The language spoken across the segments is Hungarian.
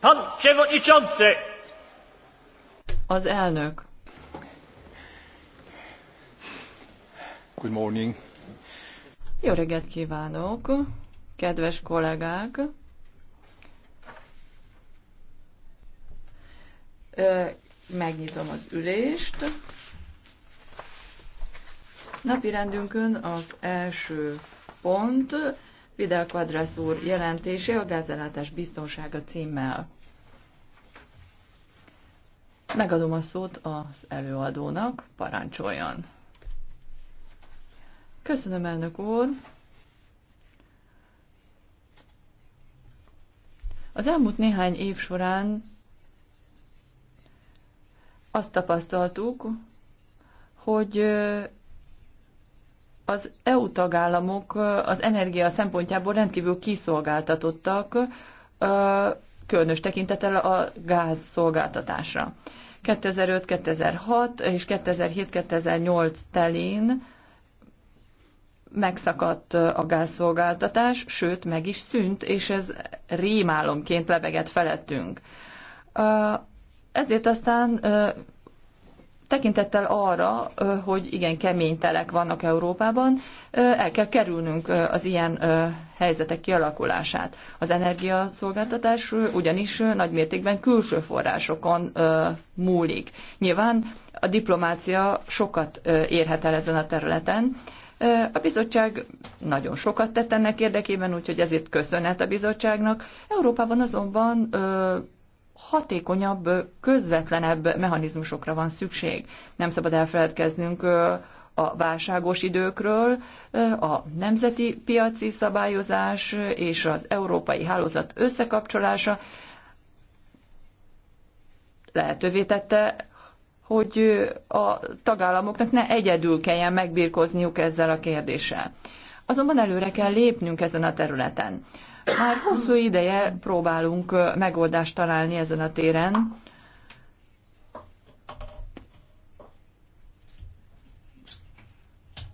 Pan przewodniczący! Az elnök. Good morning. Jó reggelt kívánok, kedves kollégák! Megnyitom az ülést. Napirendünkön az első pont Fidel Quadras úr jelentése a gázellátás biztonsága címmel. Megadom a szót az előadónak, parancsoljon. Köszönöm, elnök úr! Az elmúlt néhány év során azt tapasztaltuk, hogy az EU tagállamok az energia szempontjából rendkívül kiszolgáltatottak, különös tekintetel a gáz szolgáltatásra. 2005-2006 és 2007-2008 telén megszakadt a gázszolgáltatás, sőt meg is szűnt, és ez rémálomként lebegett felettünk. Ezért aztán tekintettel arra, hogy igen kemény telek vannak Európában, el kell kerülnünk az ilyen helyzetek kialakulását. Az energiaszolgáltatás ugyanis nagymértékben külső forrásokon múlik. Nyilván a diplomácia sokat érhet el ezen a területen, a bizottság nagyon sokat tett ennek érdekében, úgyhogy ezért köszönhet a bizottságnak. Európában azonban hatékonyabb, közvetlenebb mechanizmusokra van szükség. Nem szabad elfeledkeznünk a válságos időkről, a nemzeti piaci szabályozás és az európai hálózat összekapcsolása lehetővé tette, hogy a tagállamoknak ne egyedül kelljen megbírkozniuk ezzel a kérdéssel. Azonban előre kell lépnünk ezen a területen. Már hosszú ideje próbálunk megoldást találni ezen a téren.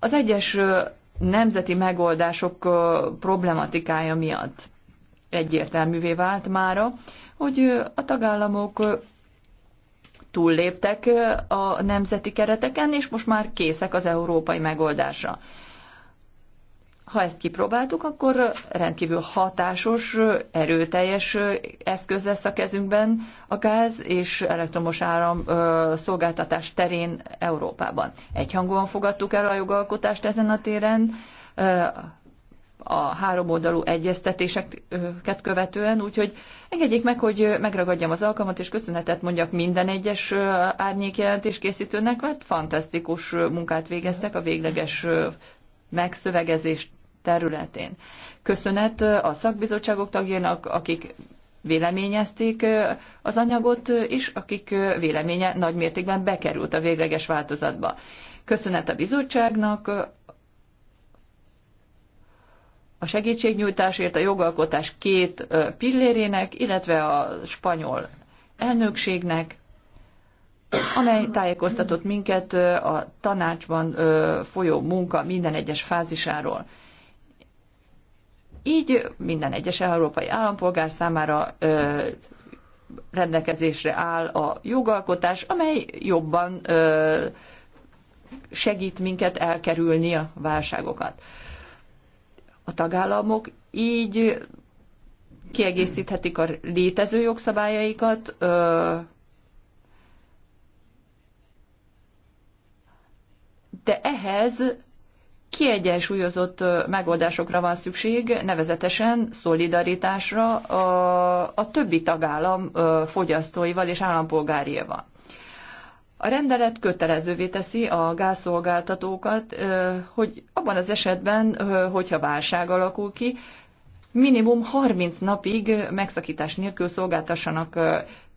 Az egyes nemzeti megoldások problematikája miatt egyértelművé vált mára, hogy a tagállamok túlléptek a nemzeti kereteken, és most már készek az európai megoldásra. Ha ezt kipróbáltuk, akkor rendkívül hatásos, erőteljes eszköz lesz a kezünkben a gáz és elektromos áram szolgáltatás terén Európában. Egyhangúan fogadtuk el a jogalkotást ezen a téren, a három oldalú egyeztetéseket követően, úgyhogy engedjék meg, hogy megragadjam az alkalmat, és köszönetet mondjak minden egyes árnyékjelentés készítőnek, mert fantasztikus munkát végeztek a végleges megszövegezést területén. Köszönet a szakbizottságok tagjának, akik véleményezték az anyagot, és akik véleménye nagy mértékben bekerült a végleges változatba. Köszönet a bizottságnak, a segítségnyújtásért a jogalkotás két pillérének, illetve a spanyol elnökségnek, amely tájékoztatott minket a tanácsban folyó munka minden egyes fázisáról. Így minden egyes európai állampolgár számára ö, rendelkezésre áll a jogalkotás, amely jobban ö, segít minket elkerülni a válságokat. A tagállamok így kiegészíthetik a létező jogszabályaikat, ö, de ehhez kiegyensúlyozott megoldásokra van szükség, nevezetesen szolidaritásra a, a többi tagállam fogyasztóival és állampolgárival. A rendelet kötelezővé teszi a gázszolgáltatókat, hogy abban az esetben, hogyha válság alakul ki, minimum 30 napig megszakítás nélkül szolgáltassanak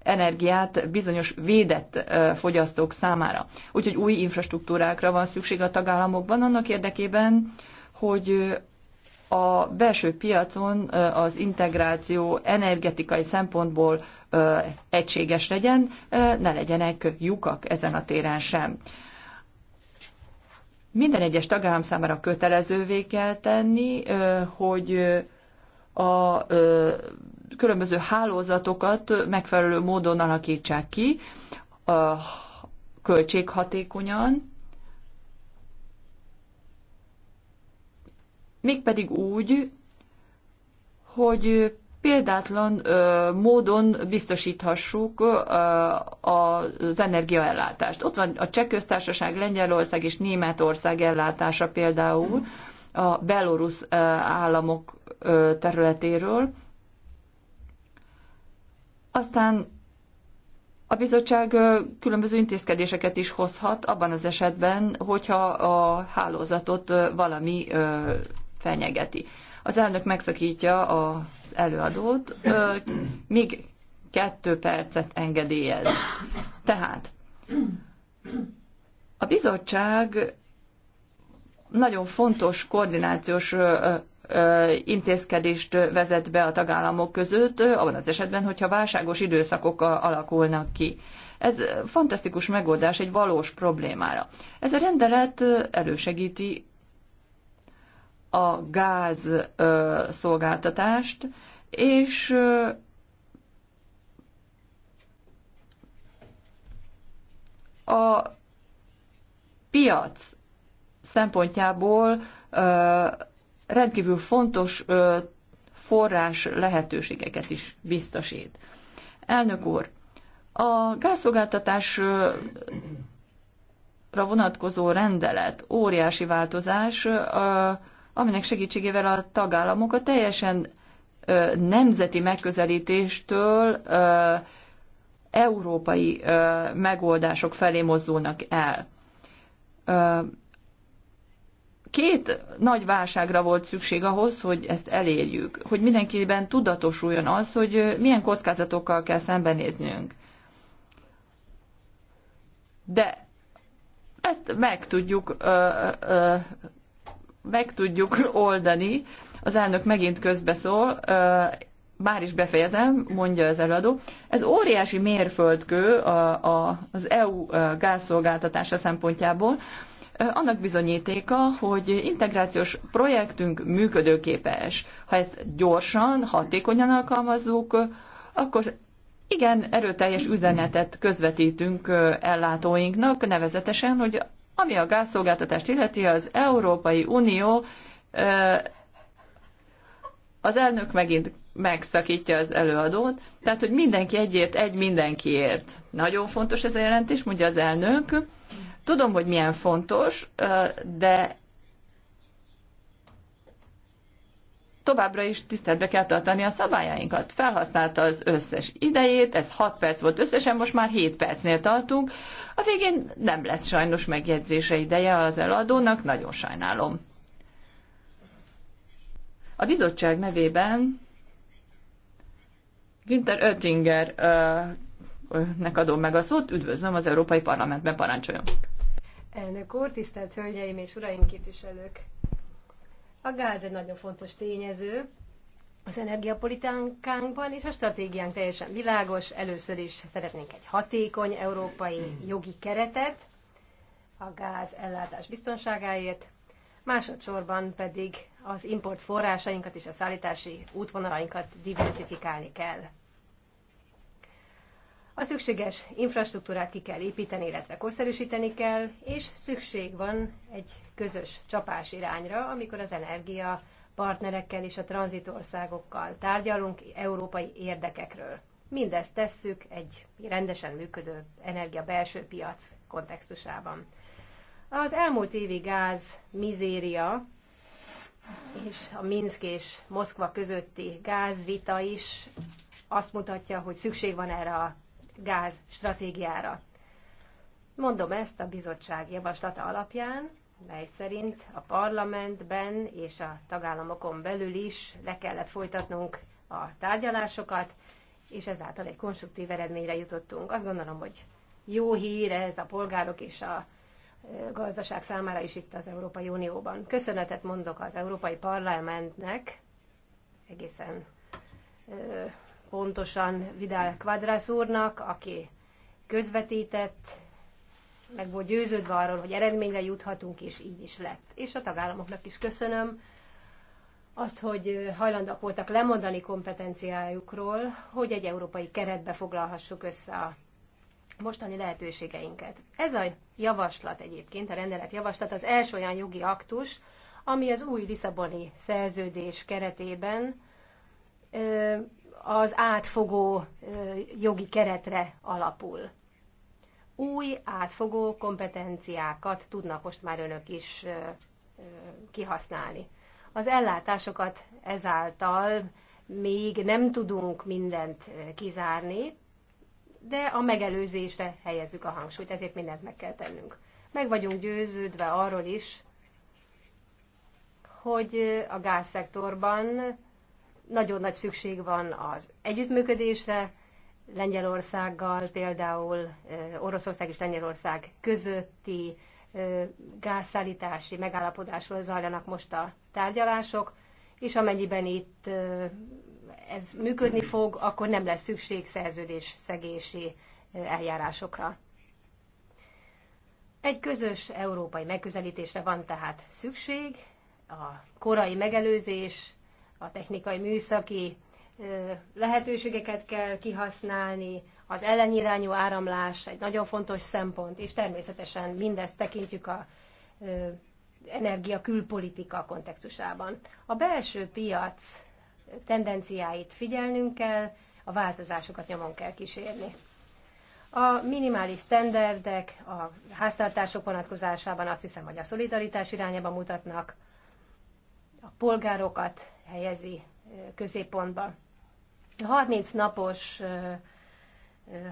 energiát bizonyos védett fogyasztók számára. Úgyhogy új infrastruktúrákra van szükség a tagállamokban annak érdekében, hogy a belső piacon az integráció energetikai szempontból egységes legyen, ne legyenek lyukak ezen a téren sem. Minden egyes tagállam számára kötelezővé kell tenni, hogy a különböző hálózatokat megfelelő módon alakítsák ki, költséghatékonyan, mégpedig úgy, hogy példátlan ö, módon biztosíthassuk ö, az energiaellátást. Ott van a Cseh köztársaság, Lengyelország és Németország ellátása például a belorusz államok ö, területéről, aztán a bizottság különböző intézkedéseket is hozhat abban az esetben, hogyha a hálózatot valami fenyegeti. Az elnök megszakítja az előadót, míg kettő percet engedélyez. Tehát a bizottság nagyon fontos koordinációs intézkedést vezet be a tagállamok között, abban az esetben, hogyha válságos időszakok alakulnak ki. Ez fantasztikus megoldás egy valós problémára. Ez a rendelet elősegíti a gáz szolgáltatást, és a piac szempontjából rendkívül fontos forrás lehetőségeket is biztosít. Elnök úr, a gázszolgáltatásra vonatkozó rendelet óriási változás, aminek segítségével a tagállamok a teljesen nemzeti megközelítéstől európai megoldások felé mozdulnak el két nagy válságra volt szükség ahhoz, hogy ezt elérjük, hogy mindenkiben tudatosuljon az, hogy milyen kockázatokkal kell szembenéznünk. De ezt meg tudjuk, ö, ö, meg tudjuk oldani. Az elnök megint közbeszól, ö, már is befejezem, mondja az előadó. Ez óriási mérföldkő a, a, az EU gázszolgáltatása szempontjából, annak bizonyítéka, hogy integrációs projektünk működőképes. Ha ezt gyorsan, hatékonyan alkalmazzuk, akkor igen, erőteljes üzenetet közvetítünk ellátóinknak, nevezetesen, hogy ami a gázszolgáltatást illeti, az Európai Unió az elnök megint megszakítja az előadót, tehát, hogy mindenki egyért, egy mindenkiért. Nagyon fontos ez a jelentés, mondja az elnök, Tudom, hogy milyen fontos, de továbbra is tiszteletbe kell tartani a szabályainkat. Felhasználta az összes idejét, ez 6 perc volt összesen, most már 7 percnél tartunk. A végén nem lesz sajnos megjegyzése ideje az eladónak, nagyon sajnálom. A bizottság nevében Günther Oettinger nek adom meg a szót, üdvözlöm az Európai Parlamentben, parancsoljon. Elnök úr, tisztelt Hölgyeim és Uraim képviselők! A gáz egy nagyon fontos tényező az energiapolitánkánkban, és a stratégiánk teljesen világos. Először is szeretnénk egy hatékony európai jogi keretet a gáz ellátás biztonságáért, másodszorban pedig az import forrásainkat és a szállítási útvonalainkat diversifikálni kell. A szükséges infrastruktúrát ki kell építeni, illetve korszerűsíteni kell, és szükség van egy közös csapás irányra, amikor az energia partnerekkel és a tranzitországokkal tárgyalunk európai érdekekről. Mindezt tesszük egy rendesen működő energia belső piac kontextusában. Az elmúlt évi gáz mizéria és a Minszk és Moszkva közötti gázvita is azt mutatja, hogy szükség van erre a gáz stratégiára. Mondom ezt a bizottság javaslata alapján, mely szerint a parlamentben és a tagállamokon belül is le kellett folytatnunk a tárgyalásokat, és ezáltal egy konstruktív eredményre jutottunk. Azt gondolom, hogy jó hír ez a polgárok és a gazdaság számára is itt az Európai Unióban. Köszönetet mondok az Európai Parlamentnek egészen pontosan Vidal Quadras úrnak, aki közvetített, meg volt győződve arról, hogy eredményre juthatunk, és így is lett. És a tagállamoknak is köszönöm azt, hogy hajlandók voltak lemondani kompetenciájukról, hogy egy európai keretbe foglalhassuk össze a mostani lehetőségeinket. Ez a javaslat egyébként, a rendelet javaslat az első olyan jogi aktus, ami az új Lisszaboni szerződés keretében az átfogó jogi keretre alapul. Új átfogó kompetenciákat tudnak most már önök is kihasználni. Az ellátásokat ezáltal még nem tudunk mindent kizárni, de a megelőzésre helyezzük a hangsúlyt, ezért mindent meg kell tennünk. Meg vagyunk győződve arról is, hogy a gázszektorban nagyon nagy szükség van az együttműködésre, Lengyelországgal például, Oroszország és Lengyelország közötti gázszállítási megállapodásról zajlanak most a tárgyalások, és amennyiben itt ez működni fog, akkor nem lesz szükség szerződés szegési eljárásokra. Egy közös európai megközelítésre van tehát szükség, a korai megelőzés, a technikai műszaki lehetőségeket kell kihasználni, az ellenirányú áramlás egy nagyon fontos szempont, és természetesen mindezt tekintjük a energia külpolitika kontextusában. A belső piac tendenciáit figyelnünk kell, a változásokat nyomon kell kísérni. A minimális standardek a háztartások vonatkozásában azt hiszem, hogy a szolidaritás irányába mutatnak, a polgárokat helyezi középpontba. A 30 napos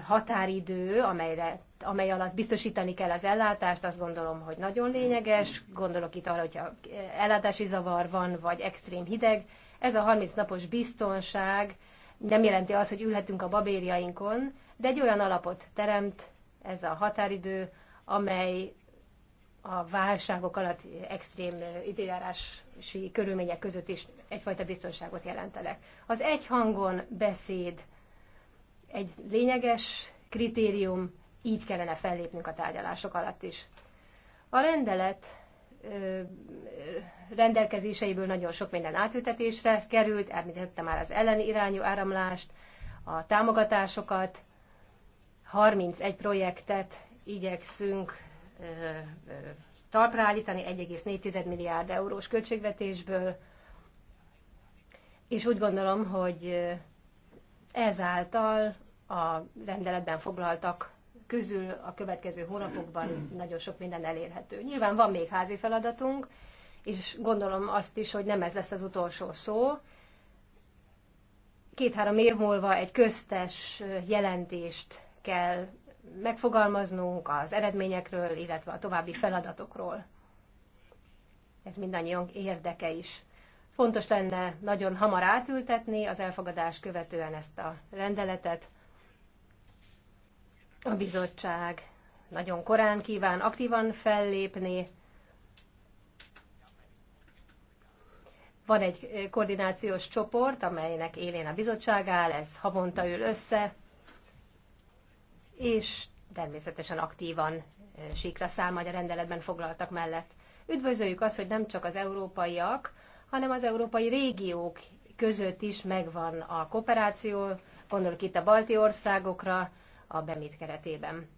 határidő, amelyre, amely alatt biztosítani kell az ellátást, azt gondolom, hogy nagyon lényeges. Gondolok itt arra, hogyha ellátási zavar van, vagy extrém hideg. Ez a 30 napos biztonság nem jelenti azt, hogy ülhetünk a babériainkon, de egy olyan alapot teremt ez a határidő, amely a válságok alatt extrém időjárási körülmények között is egyfajta biztonságot jelentenek. Az egy hangon beszéd egy lényeges kritérium, így kellene fellépnünk a tárgyalások alatt is. A rendelet rendelkezéseiből nagyon sok minden átültetésre került, említette már az elleni irányú áramlást, a támogatásokat, 31 projektet igyekszünk talpra állítani 1,4 milliárd eurós költségvetésből, és úgy gondolom, hogy ezáltal a rendeletben foglaltak közül a következő hónapokban nagyon sok minden elérhető. Nyilván van még házi feladatunk, és gondolom azt is, hogy nem ez lesz az utolsó szó. Két-három év múlva egy köztes jelentést kell megfogalmaznunk az eredményekről, illetve a további feladatokról. Ez mindannyian érdeke is. Fontos lenne nagyon hamar átültetni az elfogadás követően ezt a rendeletet. A bizottság nagyon korán kíván aktívan fellépni. Van egy koordinációs csoport, amelynek élén a bizottság áll, ez havonta ül össze, és természetesen aktívan e, síkra száll, majd a rendeletben foglaltak mellett. Üdvözöljük azt, hogy nem csak az európaiak, hanem az európai régiók között is megvan a kooperáció, gondolok itt a balti országokra, a BEMIT keretében.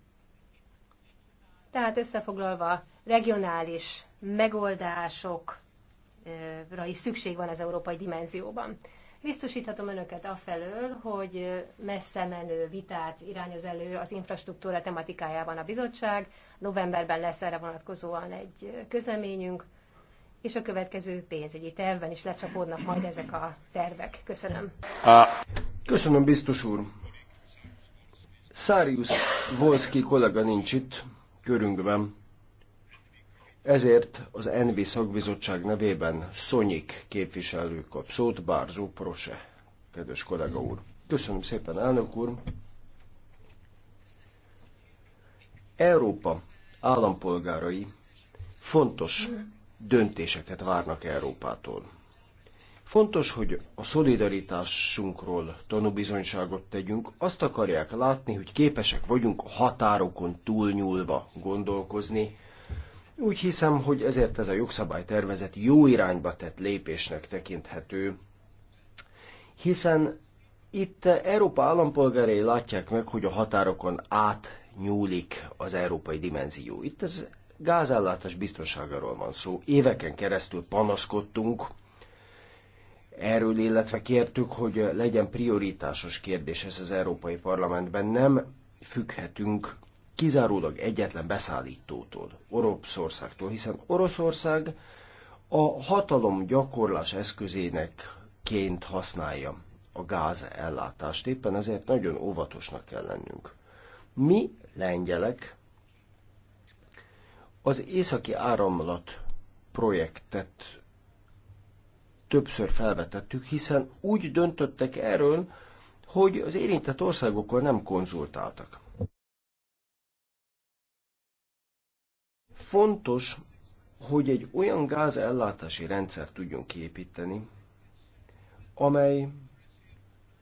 Tehát összefoglalva, regionális megoldásokra is szükség van az európai dimenzióban. Biztosíthatom önöket afelől, hogy messze menő vitát irányoz elő az infrastruktúra tematikájában a bizottság. Novemberben lesz erre vonatkozóan egy közleményünk, és a következő pénzügyi tervben is lecsapódnak majd ezek a tervek. Köszönöm. Köszönöm, biztos úr. Száriusz Volszki kollega nincs itt, körünkben. Ezért az NB szakbizottság nevében Szonyik képviselő kap szót, Bárzsó Prose, kedves kollega úr. Köszönöm szépen, elnök úr. Európa állampolgárai fontos döntéseket várnak Európától. Fontos, hogy a szolidaritásunkról tanúbizonyságot tegyünk. Azt akarják látni, hogy képesek vagyunk a határokon túlnyúlva gondolkozni, úgy hiszem, hogy ezért ez a jogszabálytervezet jó irányba tett lépésnek tekinthető, hiszen itt Európa állampolgárai látják meg, hogy a határokon átnyúlik az európai dimenzió. Itt ez gázellátás biztonságáról van szó. Éveken keresztül panaszkodtunk erről, illetve kértük, hogy legyen prioritásos kérdés ez az Európai Parlamentben. Nem függhetünk kizárólag egyetlen beszállítótól, Oroszországtól, hiszen Oroszország a hatalom gyakorlás eszközének ként használja a gáz ellátást, éppen ezért nagyon óvatosnak kell lennünk. Mi, lengyelek, az északi áramlat projektet többször felvetettük, hiszen úgy döntöttek erről, hogy az érintett országokkal nem konzultáltak. Fontos, hogy egy olyan gázellátási rendszert tudjunk kiépíteni, amely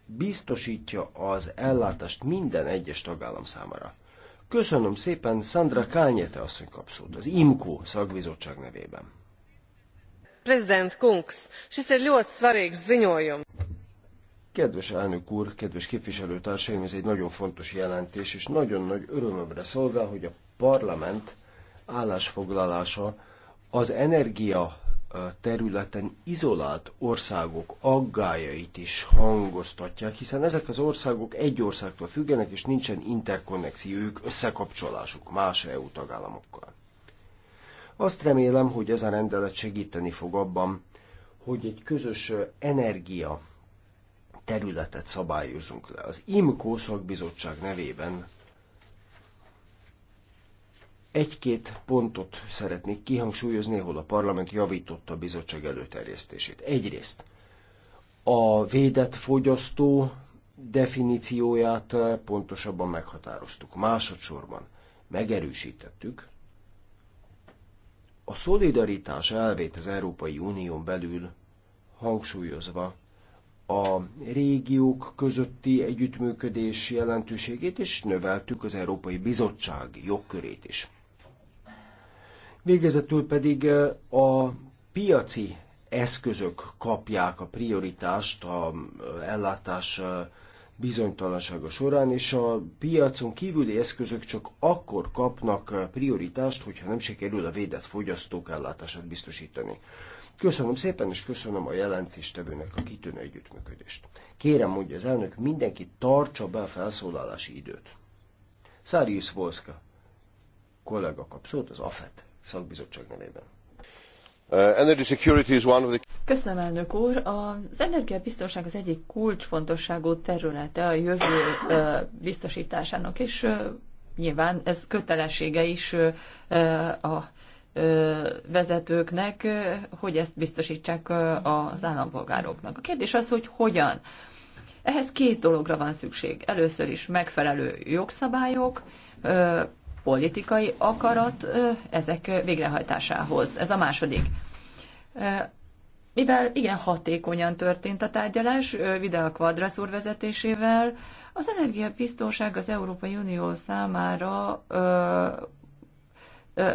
biztosítja az ellátást minden egyes tagállam számára. Köszönöm szépen, Sandra Kányete asszony kap az IMKO szakbizottság nevében. Prezident Kungs, és egy ljót svarīgs zinyoljon. Kedves elnök úr, kedves képviselőtársaim, ez egy nagyon fontos jelentés, és nagyon nagy örömömre szolgál, hogy a parlament állásfoglalása az energia területen izolált országok aggájait is hangoztatják, hiszen ezek az országok egy országtól függenek, és nincsen interkonnexiójuk, összekapcsolásuk más EU tagállamokkal. Azt remélem, hogy ez a rendelet segíteni fog abban, hogy egy közös energia területet szabályozunk le. Az IMCO szakbizottság nevében egy-két pontot szeretnék kihangsúlyozni, ahol a parlament javította a bizottság előterjesztését. Egyrészt a védett fogyasztó definícióját pontosabban meghatároztuk. Másodszorban megerősítettük a szolidaritás elvét az Európai Unión belül hangsúlyozva a régiók közötti együttműködés jelentőségét, és növeltük az Európai Bizottság jogkörét is. Végezetül pedig a piaci eszközök kapják a prioritást a ellátás bizonytalansága során, és a piacon kívüli eszközök csak akkor kapnak prioritást, hogyha nem sikerül a védett fogyasztók ellátását biztosítani. Köszönöm szépen, és köszönöm a jelentéstevőnek a kitűnő együttműködést. Kérem, mondja az elnök, mindenki tartsa be a felszólalási időt. Szárius Volszka, kollega kap szót az AFET szakbizottság nevében. Uh, Köszönöm, elnök úr. Az energiabiztonság az egyik kulcsfontosságú területe a jövő uh, biztosításának, és uh, nyilván ez kötelessége is a vezetőknek, hogy ezt biztosítsák az állampolgároknak. A kérdés az, hogy hogyan. Ehhez két dologra van szükség. Először is megfelelő jogszabályok, politikai akarat ezek végrehajtásához. Ez a második. Mivel igen hatékonyan történt a tárgyalás, Vidal Quadras úr vezetésével, az energiabiztonság az Európai Unió számára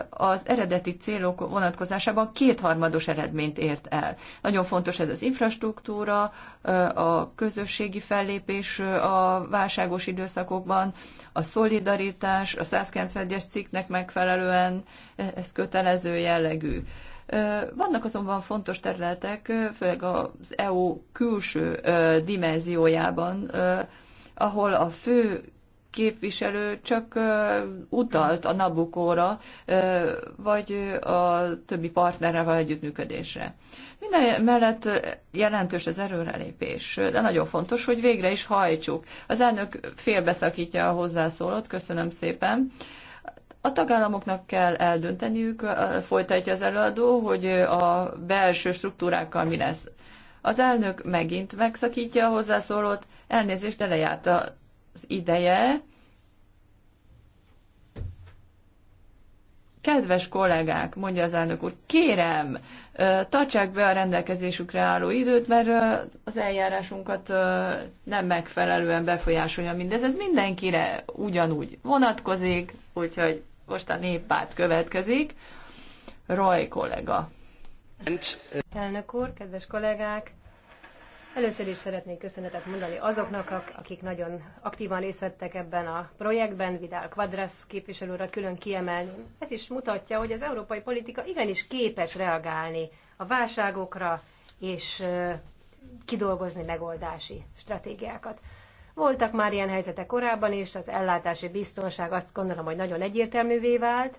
az eredeti célok vonatkozásában kétharmados eredményt ért el. Nagyon fontos ez az infrastruktúra, a közösségi fellépés a válságos időszakokban, a szolidaritás, a 191-es cikknek megfelelően, e, ez kötelező jellegű. Vannak azonban fontos területek, főleg az EU külső dimenziójában, ahol a fő képviselő csak utalt a Nabukóra, vagy a többi partnerrel való együttműködésre. Minden mellett jelentős az erőrelépés, de nagyon fontos, hogy végre is hajtsuk. Az elnök félbeszakítja a hozzászólót, köszönöm szépen. A tagállamoknak kell eldönteniük, folytatja az előadó, hogy a belső struktúrákkal mi lesz. Az elnök megint megszakítja a hozzászólót, elnézést, de lejárt a az ideje. Kedves kollégák, mondja az elnök úr, kérem, tartsák be a rendelkezésükre álló időt, mert az eljárásunkat nem megfelelően befolyásolja mindez. Ez mindenkire ugyanúgy vonatkozik, úgyhogy most a néppárt következik. Roy kollega. Elnök úr, kedves kollégák! Először is szeretnék köszönetet mondani azoknak, akik nagyon aktívan részt vettek ebben a projektben, Vidal Quadras képviselőre külön kiemelni. Ez is mutatja, hogy az európai politika igenis képes reagálni a válságokra és kidolgozni megoldási stratégiákat. Voltak már ilyen helyzetek korábban, és az ellátási biztonság azt gondolom, hogy nagyon egyértelművé vált,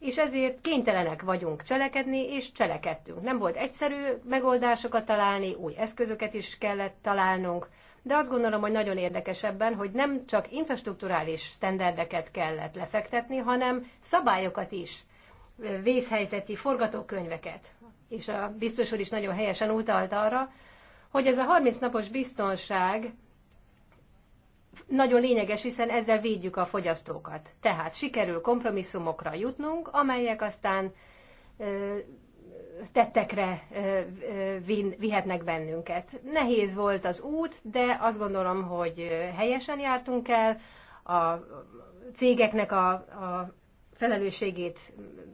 és ezért kénytelenek vagyunk cselekedni, és cselekedtünk. Nem volt egyszerű megoldásokat találni, új eszközöket is kellett találnunk, de azt gondolom, hogy nagyon érdekes ebben, hogy nem csak infrastruktúrális sztenderdeket kellett lefektetni, hanem szabályokat is, vészhelyzeti forgatókönyveket. És a biztos úr is nagyon helyesen utalt arra, hogy ez a 30 napos biztonság nagyon lényeges, hiszen ezzel védjük a fogyasztókat. Tehát sikerül kompromisszumokra jutnunk, amelyek aztán tettekre vihetnek bennünket. Nehéz volt az út, de azt gondolom, hogy helyesen jártunk el, a cégeknek a, a felelősségét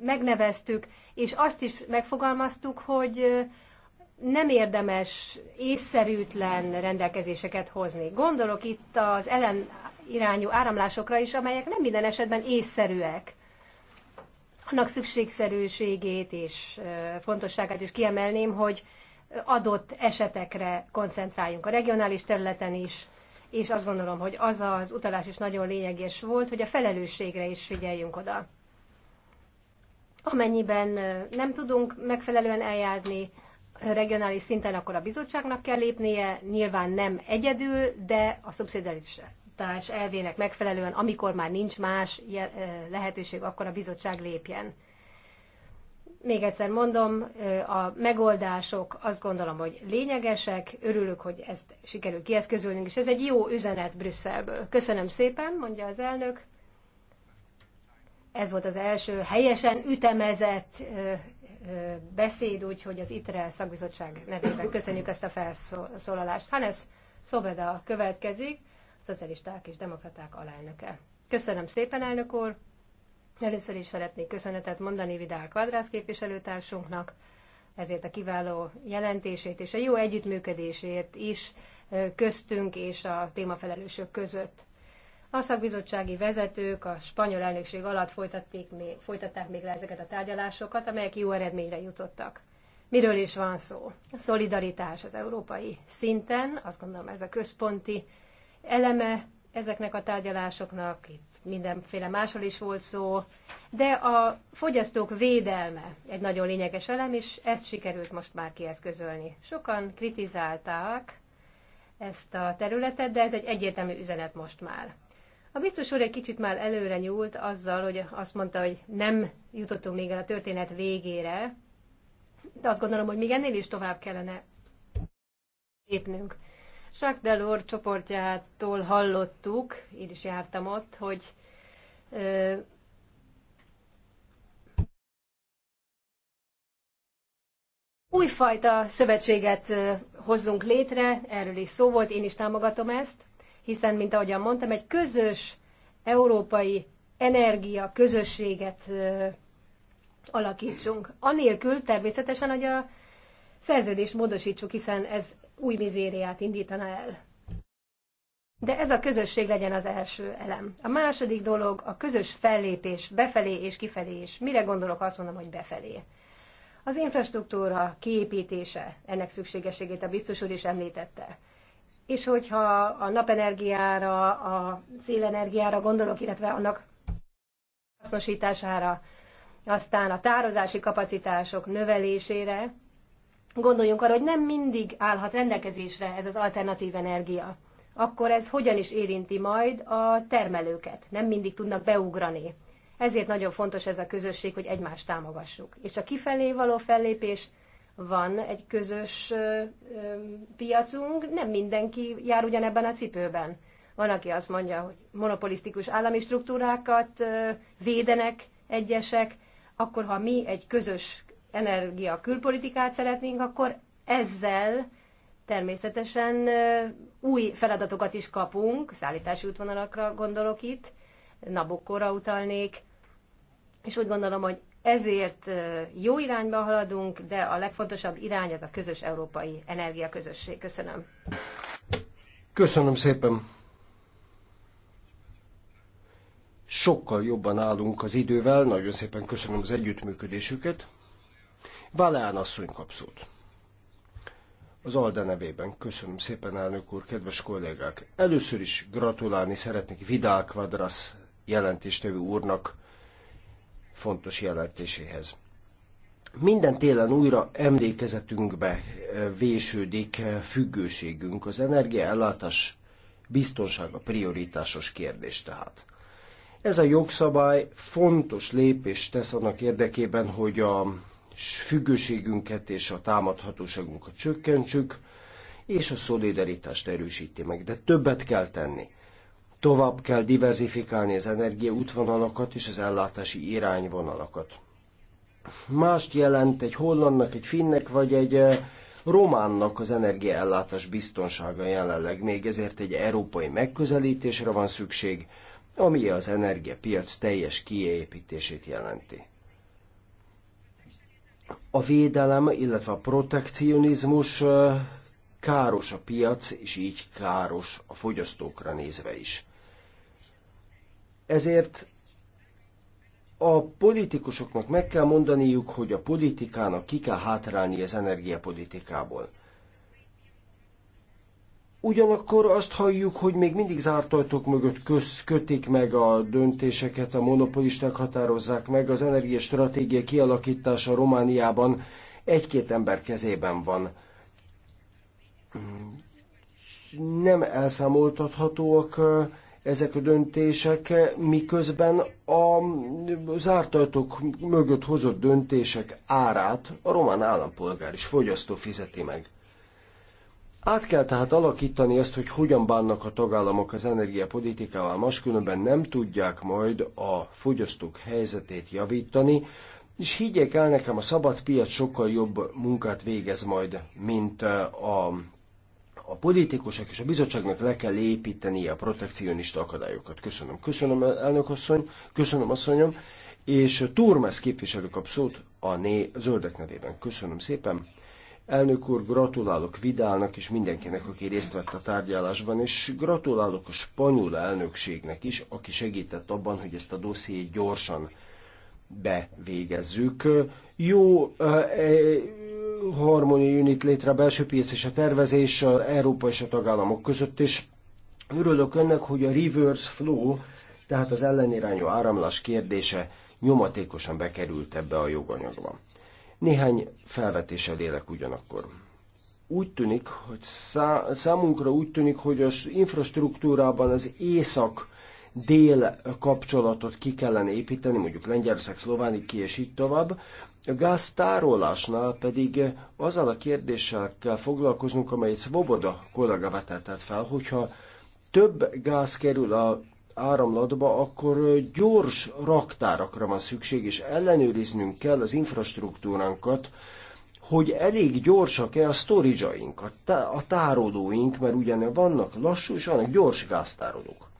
megneveztük, és azt is megfogalmaztuk, hogy nem érdemes észszerűtlen rendelkezéseket hozni. Gondolok itt az ellen irányú áramlásokra is, amelyek nem minden esetben észszerűek. Annak szükségszerűségét és fontosságát is kiemelném, hogy adott esetekre koncentráljunk a regionális területen is, és azt gondolom, hogy az az utalás is nagyon lényeges volt, hogy a felelősségre is figyeljünk oda. Amennyiben nem tudunk megfelelően eljárni, regionális szinten, akkor a bizottságnak kell lépnie, nyilván nem egyedül, de a szubszidiaritás elvének megfelelően, amikor már nincs más eh, lehetőség, akkor a bizottság lépjen. Még egyszer mondom, eh, a megoldások azt gondolom, hogy lényegesek, örülök, hogy ezt sikerül kieszközölnünk, és ez egy jó üzenet Brüsszelből. Köszönöm szépen, mondja az elnök. Ez volt az első helyesen ütemezett eh, beszéd, úgyhogy az ITRE szakbizottság nevében köszönjük ezt a felszólalást. Hannes Szobeda következik, szocialisták és demokraták alelnöke. Köszönöm szépen, elnök úr! Először is szeretnék köszönetet mondani Vidál Kvadrász képviselőtársunknak, ezért a kiváló jelentését és a jó együttműködésért is köztünk és a témafelelősök között. A szakbizottsági vezetők a spanyol elnökség alatt folytatták még, folytatták még le ezeket a tárgyalásokat, amelyek jó eredményre jutottak. Miről is van szó? A szolidaritás az európai szinten, azt gondolom ez a központi eleme ezeknek a tárgyalásoknak, itt mindenféle másról is volt szó, de a fogyasztók védelme egy nagyon lényeges elem, és ezt sikerült most már kieszközölni. Sokan kritizálták ezt a területet, de ez egy egyértelmű üzenet most már. A biztos úr egy kicsit már előre nyúlt azzal, hogy azt mondta, hogy nem jutottunk még el a történet végére, de azt gondolom, hogy még ennél is tovább kellene lépnünk. Jacques Delors csoportjától hallottuk, én is jártam ott, hogy ö, újfajta szövetséget hozzunk létre, erről is szó volt, én is támogatom ezt hiszen, mint ahogyan mondtam, egy közös európai energia közösséget alakítsunk. Anélkül természetesen, hogy a szerződést módosítsuk, hiszen ez új mizériát indítana el. De ez a közösség legyen az első elem. A második dolog a közös fellépés befelé és kifelé is. Mire gondolok, azt mondom, hogy befelé. Az infrastruktúra kiépítése, ennek szükségességét a biztos úr is említette. És hogyha a napenergiára, a szélenergiára gondolok, illetve annak hasznosítására, aztán a tározási kapacitások növelésére, gondoljunk arra, hogy nem mindig állhat rendelkezésre ez az alternatív energia. Akkor ez hogyan is érinti majd a termelőket? Nem mindig tudnak beugrani. Ezért nagyon fontos ez a közösség, hogy egymást támogassuk. És a kifelé való fellépés van egy közös piacunk, nem mindenki jár ugyanebben a cipőben. Van, aki azt mondja, hogy monopolisztikus állami struktúrákat védenek egyesek, akkor ha mi egy közös energia külpolitikát szeretnénk, akkor ezzel természetesen új feladatokat is kapunk, szállítási útvonalakra gondolok itt, Nabokkora utalnék, és úgy gondolom, hogy ezért jó irányba haladunk, de a legfontosabb irány az a közös európai energiaközösség. Köszönöm. Köszönöm szépen. Sokkal jobban állunk az idővel, nagyon szépen köszönöm az együttműködésüket. Valáán asszony kapszót. Az Alde nevében köszönöm szépen, elnök úr, kedves kollégák! Először is gratulálni szeretnék Vidál Kvadrasz jelentéstevő úrnak fontos jelentéséhez. Minden télen újra emlékezetünkbe eh, vésődik eh, függőségünk, az energiaellátás biztonsága prioritásos kérdés tehát. Ez a jogszabály fontos lépést tesz annak érdekében, hogy a függőségünket és a támadhatóságunkat csökkentsük, és a szolidaritást erősíti meg. De többet kell tenni. Tovább kell diversifikálni az energiaútvonalakat és az ellátási irányvonalakat. Mást jelent egy hollandnak, egy finnek vagy egy eh, románnak az energiaellátás biztonsága jelenleg, még ezért egy európai megközelítésre van szükség, ami az energiapiac teljes kiépítését jelenti. A védelem, illetve a protekcionizmus eh, káros a piac, és így káros a fogyasztókra nézve is. Ezért a politikusoknak meg kell mondaniuk, hogy a politikának ki kell hátrálni az energiapolitikából. Ugyanakkor azt halljuk, hogy még mindig zárt ajtók mögött köz, kötik meg a döntéseket, a monopolisták határozzák meg, az energiastratégia kialakítása Romániában egy-két ember kezében van. Nem elszámoltathatóak ezek a döntések, miközben a zárt ajtók mögött hozott döntések árát a román állampolgár is fogyasztó fizeti meg. Át kell tehát alakítani ezt, hogy hogyan bánnak a tagállamok az energiapolitikával, máskülönben nem tudják majd a fogyasztók helyzetét javítani, és higgyék el nekem, a szabad piac sokkal jobb munkát végez majd, mint a a politikusok és a bizottságnak le kell építenie a protekcionista akadályokat. Köszönöm. Köszönöm, elnök asszony, köszönöm, asszonyom, és Turmes képviselő kap szót a né zöldek nevében. Köszönöm szépen. Elnök úr, gratulálok Vidálnak és mindenkinek, aki részt vett a tárgyalásban, és gratulálok a spanyol elnökségnek is, aki segített abban, hogy ezt a dossziét gyorsan bevégezzük. Jó eh, harmónia jön itt létre a belső piac és a tervezés a Európa és a tagállamok között, és örülök önnek, hogy a reverse flow, tehát az ellenirányú áramlás kérdése nyomatékosan bekerült ebbe a joganyagba. Néhány felvetése élek ugyanakkor. Úgy tűnik, hogy szá- számunkra úgy tűnik, hogy az infrastruktúrában az észak dél kapcsolatot ki kellene építeni, mondjuk Lengyelország, Szlovánia és így tovább, a gáztárolásnál pedig azzal a kérdéssel kell foglalkoznunk, amelyet Svoboda kollega vetett fel, hogyha több gáz kerül a áramlatba, akkor gyors raktárakra van szükség, és ellenőriznünk kell az infrastruktúránkat, hogy elég gyorsak-e a storage a tárolóink, mert ugyan vannak lassú és vannak gyors gáztárolók.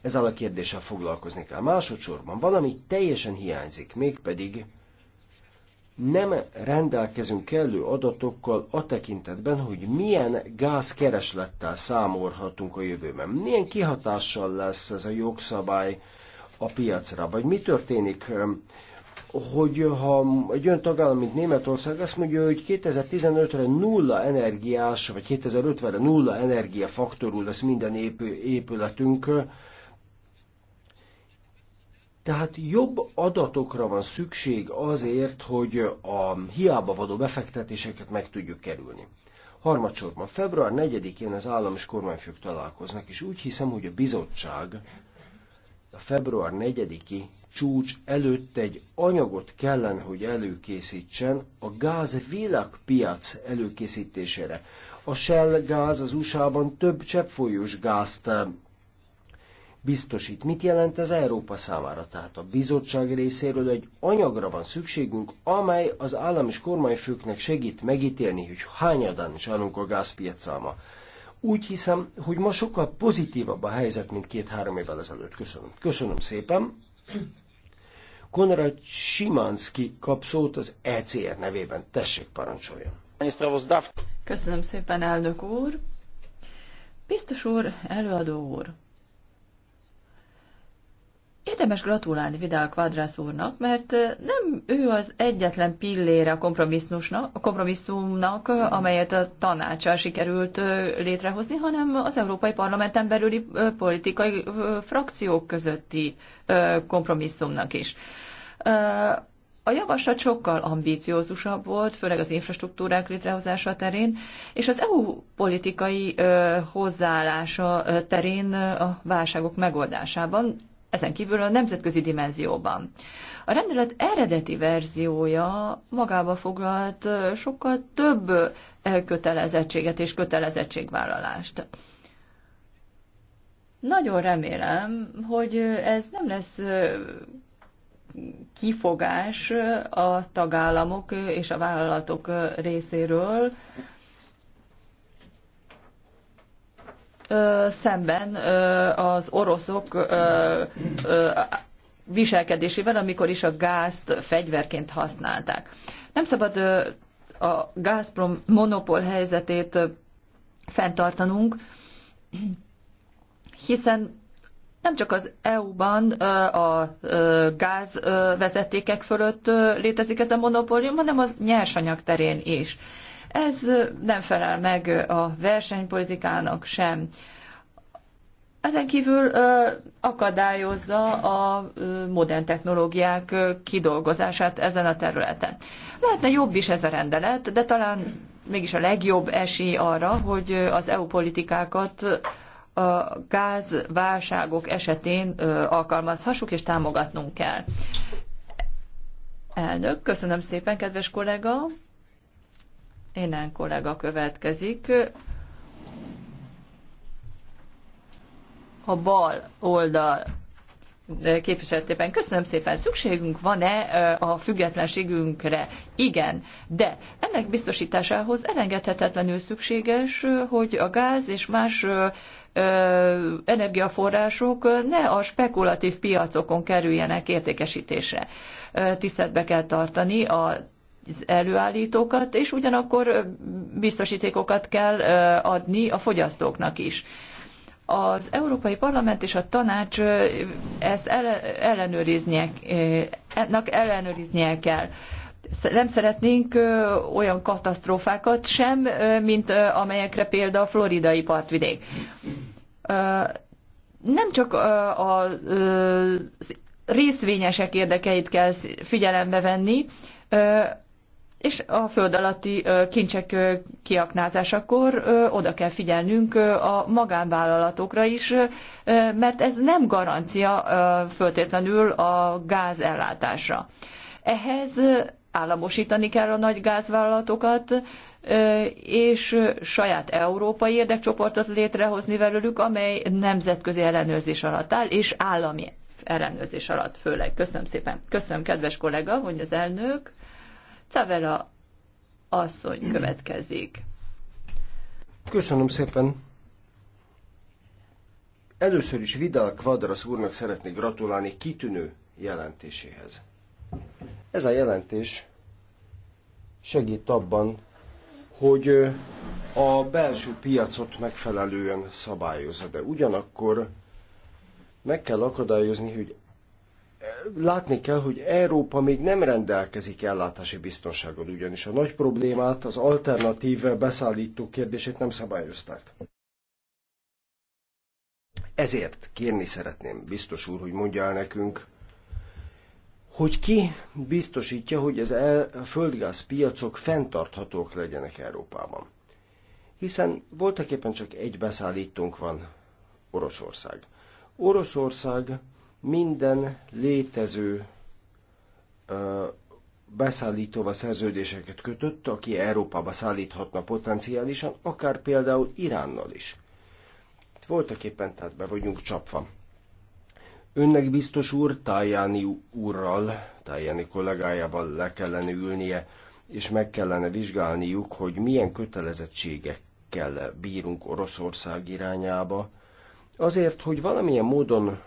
Ezzel a kérdéssel foglalkozni kell. Másodszorban valami teljesen hiányzik, mégpedig nem rendelkezünk kellő adatokkal a tekintetben, hogy milyen gázkereslettel számolhatunk a jövőben. Milyen kihatással lesz ez a jogszabály a piacra, vagy mi történik, hogy ha egy olyan tagállam, mint Németország azt mondja, hogy 2015-re nulla energiás, vagy 2050-re nulla energiafaktorú lesz minden épületünk, tehát jobb adatokra van szükség azért, hogy a hiába vadó befektetéseket meg tudjuk kerülni. Harmadsorban február 4-én az állam és kormányfők találkoznak, és úgy hiszem, hogy a bizottság a február 4-i csúcs előtt egy anyagot kellene, hogy előkészítsen a gáz világpiac előkészítésére. A Shell gáz az USA-ban több cseppfolyós gázt biztosít. Mit jelent ez Európa számára? Tehát a bizottság részéről egy anyagra van szükségünk, amely az állam és kormányfőknek segít megítélni, hogy hányadán is állunk a gázpiac száma. Úgy hiszem, hogy ma sokkal pozitívabb a helyzet, mint két-három évvel ezelőtt. Köszönöm. Köszönöm szépen. Konrad Simanski kap szót az ECR nevében. Tessék, parancsoljon. Köszönöm szépen, elnök úr. Biztos úr, előadó úr, Érdemes gratulálni Vidal Quadras úrnak, mert nem ő az egyetlen pillére a kompromisszumnak, a kompromisszumnak, amelyet a tanácsal sikerült létrehozni, hanem az Európai Parlamenten belüli politikai frakciók közötti kompromisszumnak is. A javaslat sokkal ambíciózusabb volt, főleg az infrastruktúrák létrehozása terén, és az EU politikai ö, hozzáállása terén a válságok megoldásában ezen kívül a nemzetközi dimenzióban. A rendelet eredeti verziója magába foglalt sokkal több kötelezettséget és kötelezettségvállalást. Nagyon remélem, hogy ez nem lesz kifogás a tagállamok és a vállalatok részéről, szemben az oroszok viselkedésével, amikor is a gázt fegyverként használták. Nem szabad a Gazprom monopól helyzetét fenntartanunk, hiszen nem csak az EU-ban a gázvezetékek fölött létezik ez a monopólium, hanem az nyersanyag terén is. Ez nem felel meg a versenypolitikának sem. Ezen kívül ö, akadályozza a ö, modern technológiák ö, kidolgozását ezen a területen. Lehetne jobb is ez a rendelet, de talán mégis a legjobb esély arra, hogy az EU politikákat a gázválságok esetén ö, alkalmazhassuk és támogatnunk kell. Elnök, köszönöm szépen, kedves kollega! Énán kollega következik. A bal oldal képviseletében. Köszönöm szépen, szükségünk van-e a függetlenségünkre? Igen, de ennek biztosításához elengedhetetlenül szükséges, hogy a gáz és más energiaforrások ne a spekulatív piacokon kerüljenek értékesítésre. Tiszteletbe kell tartani a előállítókat, és ugyanakkor biztosítékokat kell adni a fogyasztóknak is. Az Európai Parlament és a tanács ezt ellenőriznie, ennek ellenőriznie kell. Nem szeretnénk olyan katasztrófákat sem, mint amelyekre példa a floridai partvidék. Nem csak a részvényesek érdekeit kell figyelembe venni, és a föld alatti kincsek kiaknázásakor oda kell figyelnünk a magánvállalatokra is, mert ez nem garancia föltétlenül a gázellátásra. Ehhez államosítani kell a nagy gázvállalatokat, és saját európai érdekcsoportot létrehozni velük, amely nemzetközi ellenőrzés alatt áll, és állami ellenőrzés alatt főleg. Köszönöm szépen. Köszönöm, kedves kollega, hogy az elnök. Cavela asszony következik. Köszönöm szépen. Először is Vidal Quadras úrnak szeretnék gratulálni kitűnő jelentéséhez. Ez a jelentés segít abban, hogy a belső piacot megfelelően szabályozza, de ugyanakkor meg kell akadályozni, hogy látni kell, hogy Európa még nem rendelkezik ellátási biztonsággal, ugyanis a nagy problémát, az alternatív beszállító kérdését nem szabályozták. Ezért kérni szeretném, biztos úr, hogy mondja el nekünk, hogy ki biztosítja, hogy az el, földgáz piacok fenntarthatók legyenek Európában. Hiszen voltak éppen csak egy beszállítónk van, Oroszország. Oroszország minden létező beszállítóval szerződéseket kötött, aki Európába szállíthatna potenciálisan, akár például Iránnal is. Voltak éppen tehát be vagyunk csapva. Önnek biztos úr Tajani úrral, Tajani kollégájával le kellene ülnie, és meg kellene vizsgálniuk, hogy milyen kötelezettségekkel bírunk Oroszország irányába, azért, hogy valamilyen módon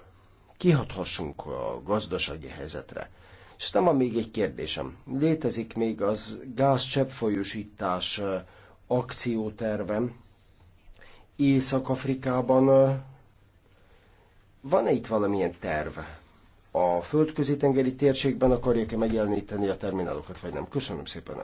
kihathassunk a gazdasági helyzetre. És aztán van még egy kérdésem. Létezik még az gáz akciótervem Észak-Afrikában. Van-e itt valamilyen terv? A földközi tengeri térségben akarják-e megjeleníteni a terminálokat, vagy nem? Köszönöm szépen.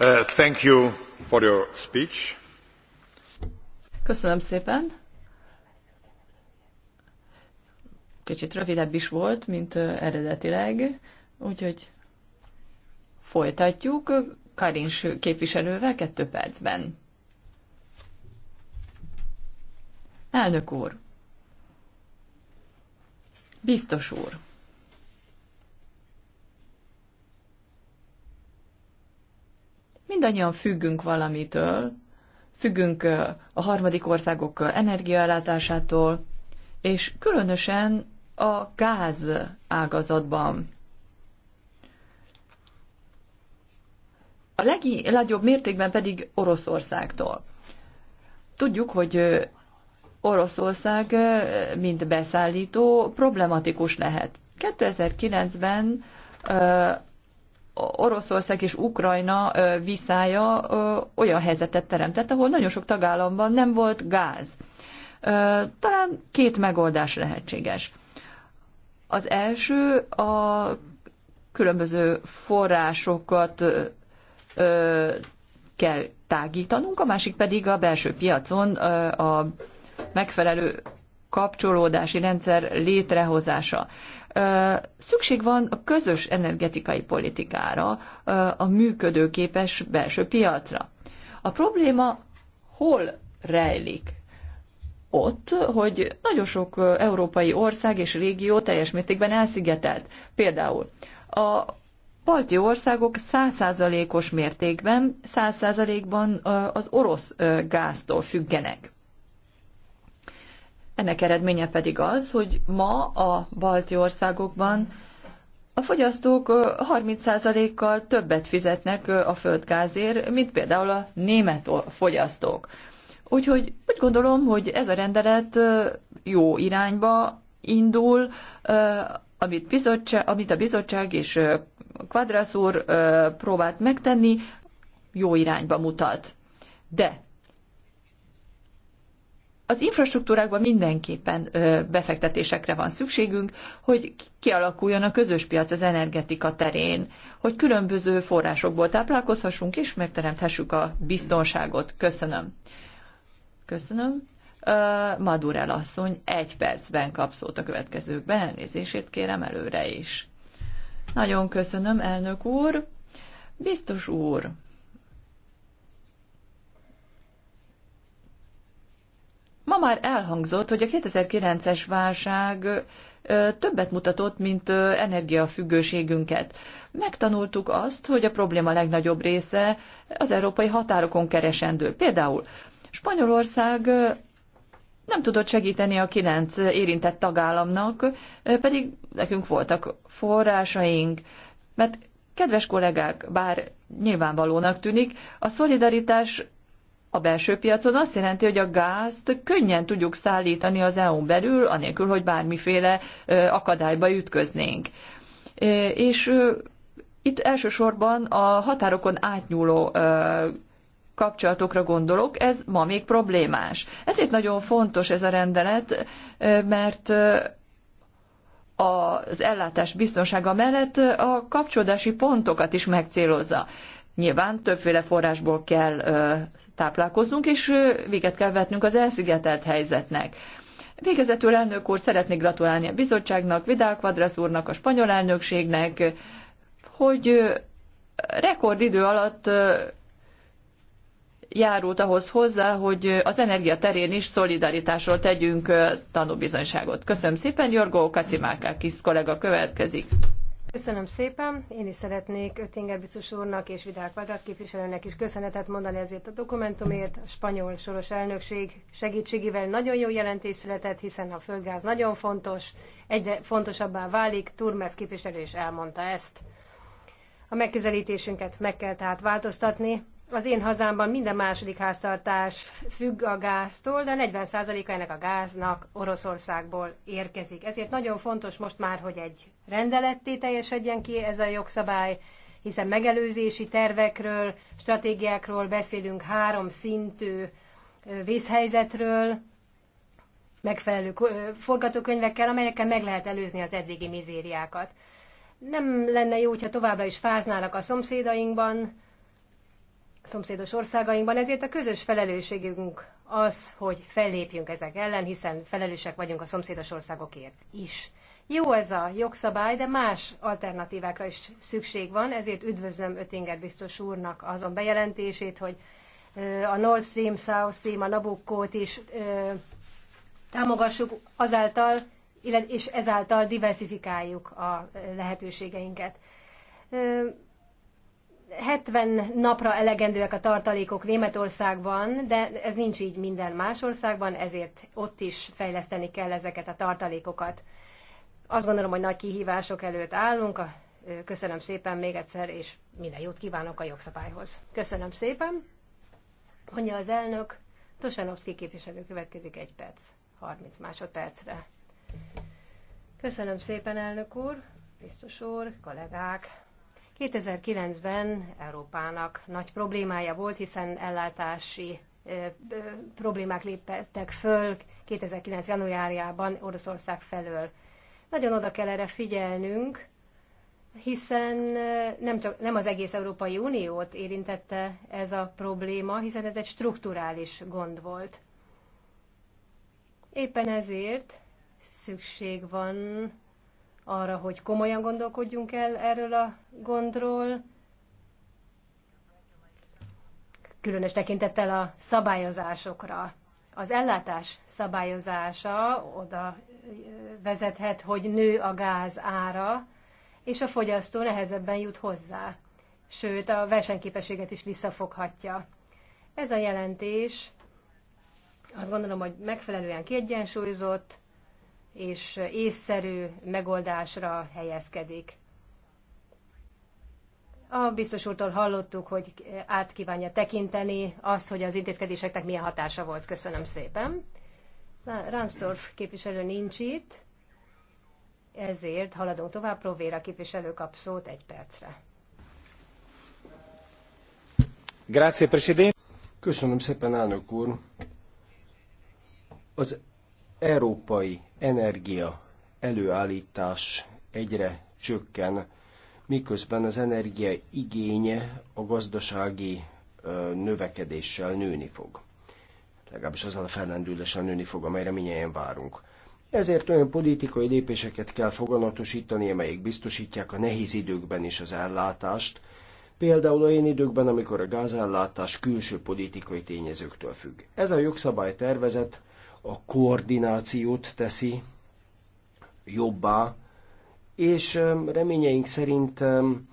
Uh, Köszönöm szépen. Kicsit rövidebb is volt, mint eredetileg, úgyhogy folytatjuk. Karins képviselővel kettő percben. Elnök úr! Biztos úr! mindannyian függünk valamitől, függünk a harmadik országok energiaellátásától, és különösen a gáz ágazatban. A legnagyobb mértékben pedig Oroszországtól. Tudjuk, hogy Oroszország, mint beszállító, problematikus lehet. 2009-ben Oroszország és Ukrajna viszája olyan helyzetet teremtett, ahol nagyon sok tagállamban nem volt gáz. Talán két megoldás lehetséges. Az első a különböző forrásokat kell tágítanunk, a másik pedig a belső piacon a megfelelő kapcsolódási rendszer létrehozása. Szükség van a közös energetikai politikára, a működőképes belső piacra. A probléma hol rejlik? ott, hogy nagyon sok európai ország és régió teljes mértékben elszigetelt. Például a balti országok százszázalékos mértékben, százszázalékban az orosz gáztól függenek. Ennek eredménye pedig az, hogy ma a balti országokban a fogyasztók 30%-kal többet fizetnek a földgázért, mint például a német fogyasztók. Úgyhogy úgy gondolom, hogy ez a rendelet jó irányba indul, amit, bizottság, amit a bizottság és Quadrasz úr próbált megtenni, jó irányba mutat. De az infrastruktúrákban mindenképpen befektetésekre van szükségünk, hogy kialakuljon a közös piac az energetika terén, hogy különböző forrásokból táplálkozhassunk és megteremthessük a biztonságot. Köszönöm. Köszönöm. Madurel asszony egy percben kap szót a következőkben, elnézését kérem előre is. Nagyon köszönöm, elnök úr. Biztos úr, Ma már elhangzott, hogy a 2009-es válság többet mutatott, mint energiafüggőségünket. Megtanultuk azt, hogy a probléma legnagyobb része az európai határokon keresendő. Például Spanyolország nem tudott segíteni a kilenc érintett tagállamnak, pedig nekünk voltak forrásaink, mert kedves kollégák, bár nyilvánvalónak tűnik, a szolidaritás a belső piacon azt jelenti, hogy a gázt könnyen tudjuk szállítani az EU-n belül, anélkül, hogy bármiféle akadályba ütköznénk. És itt elsősorban a határokon átnyúló kapcsolatokra gondolok, ez ma még problémás. Ezért nagyon fontos ez a rendelet, mert az ellátás biztonsága mellett a kapcsolódási pontokat is megcélozza. Nyilván többféle forrásból kell táplálkoznunk, és véget kell vetnünk az elszigetelt helyzetnek. Végezetül elnök úr szeretnék gratulálni a bizottságnak, Vidal Quadras úrnak, a spanyol elnökségnek, hogy rekordidő alatt járult ahhoz hozzá, hogy az energia terén is szolidaritásról tegyünk tanúbizonyságot. Köszönöm szépen, Jorgó kis kollega következik. Köszönöm szépen. Én is szeretnék Öttinger biztos úrnak és Vidák Vadász képviselőnek is köszönetet mondani ezért a dokumentumért. A spanyol soros elnökség segítségével nagyon jó jelentés született, hiszen a földgáz nagyon fontos, egyre fontosabbá válik, Turmes képviselő is elmondta ezt. A megközelítésünket meg kell tehát változtatni, az én hazámban minden második háztartás függ a gáztól, de 40%-a ennek a gáznak Oroszországból érkezik. Ezért nagyon fontos most már, hogy egy rendeletté teljesedjen ki ez a jogszabály, hiszen megelőzési tervekről, stratégiákról beszélünk, három szintű vészhelyzetről, megfelelő forgatókönyvekkel, amelyekkel meg lehet előzni az eddigi mizériákat. Nem lenne jó, hogyha továbbra is fáznának a szomszédainkban, szomszédos országainkban, ezért a közös felelősségünk az, hogy fellépjünk ezek ellen, hiszen felelősek vagyunk a szomszédos országokért is. Jó ez a jogszabály, de más alternatívákra is szükség van, ezért üdvözlöm Ötinger biztos úrnak azon bejelentését, hogy a Nord Stream, South Stream, a Nabukkót is támogassuk azáltal, és ezáltal diversifikáljuk a lehetőségeinket. 70 napra elegendőek a tartalékok Németországban, de ez nincs így minden más országban, ezért ott is fejleszteni kell ezeket a tartalékokat. Azt gondolom, hogy nagy kihívások előtt állunk. Köszönöm szépen még egyszer, és minden jót kívánok a jogszabályhoz. Köszönöm szépen, mondja az elnök. Tosanovszki képviselő következik egy perc, 30 másodpercre. Köszönöm szépen, elnök úr, biztos úr, kollégák. 2009-ben Európának nagy problémája volt, hiszen ellátási problémák léptek föl 2009. januárjában Oroszország felől. Nagyon oda kell erre figyelnünk, hiszen nem, csak, nem az egész Európai Uniót érintette ez a probléma, hiszen ez egy strukturális gond volt. Éppen ezért szükség van arra, hogy komolyan gondolkodjunk el erről a gondról, különös tekintettel a szabályozásokra. Az ellátás szabályozása oda vezethet, hogy nő a gáz ára, és a fogyasztó nehezebben jut hozzá, sőt a versenyképességet is visszafoghatja. Ez a jelentés azt gondolom, hogy megfelelően kiegyensúlyozott, és észszerű megoldásra helyezkedik. A biztos úrtól hallottuk, hogy át kívánja tekinteni azt, hogy az intézkedéseknek milyen hatása volt. Köszönöm szépen. Ransdorf képviselő nincs itt, ezért haladunk tovább. Provéra képviselő kap szót egy percre. Grazie, Presidente. Köszönöm szépen, elnök úr. Az európai energia előállítás egyre csökken, miközben az energia igénye a gazdasági növekedéssel nőni fog. Legalábbis azzal a fellendüléssel nőni fog, amelyre minnyáján várunk. Ezért olyan politikai lépéseket kell foganatosítani, amelyek biztosítják a nehéz időkben is az ellátást, például olyan időkben, amikor a gázellátás külső politikai tényezőktől függ. Ez a jogszabálytervezet a koordinációt teszi jobbá, és um, reményeink szerint um,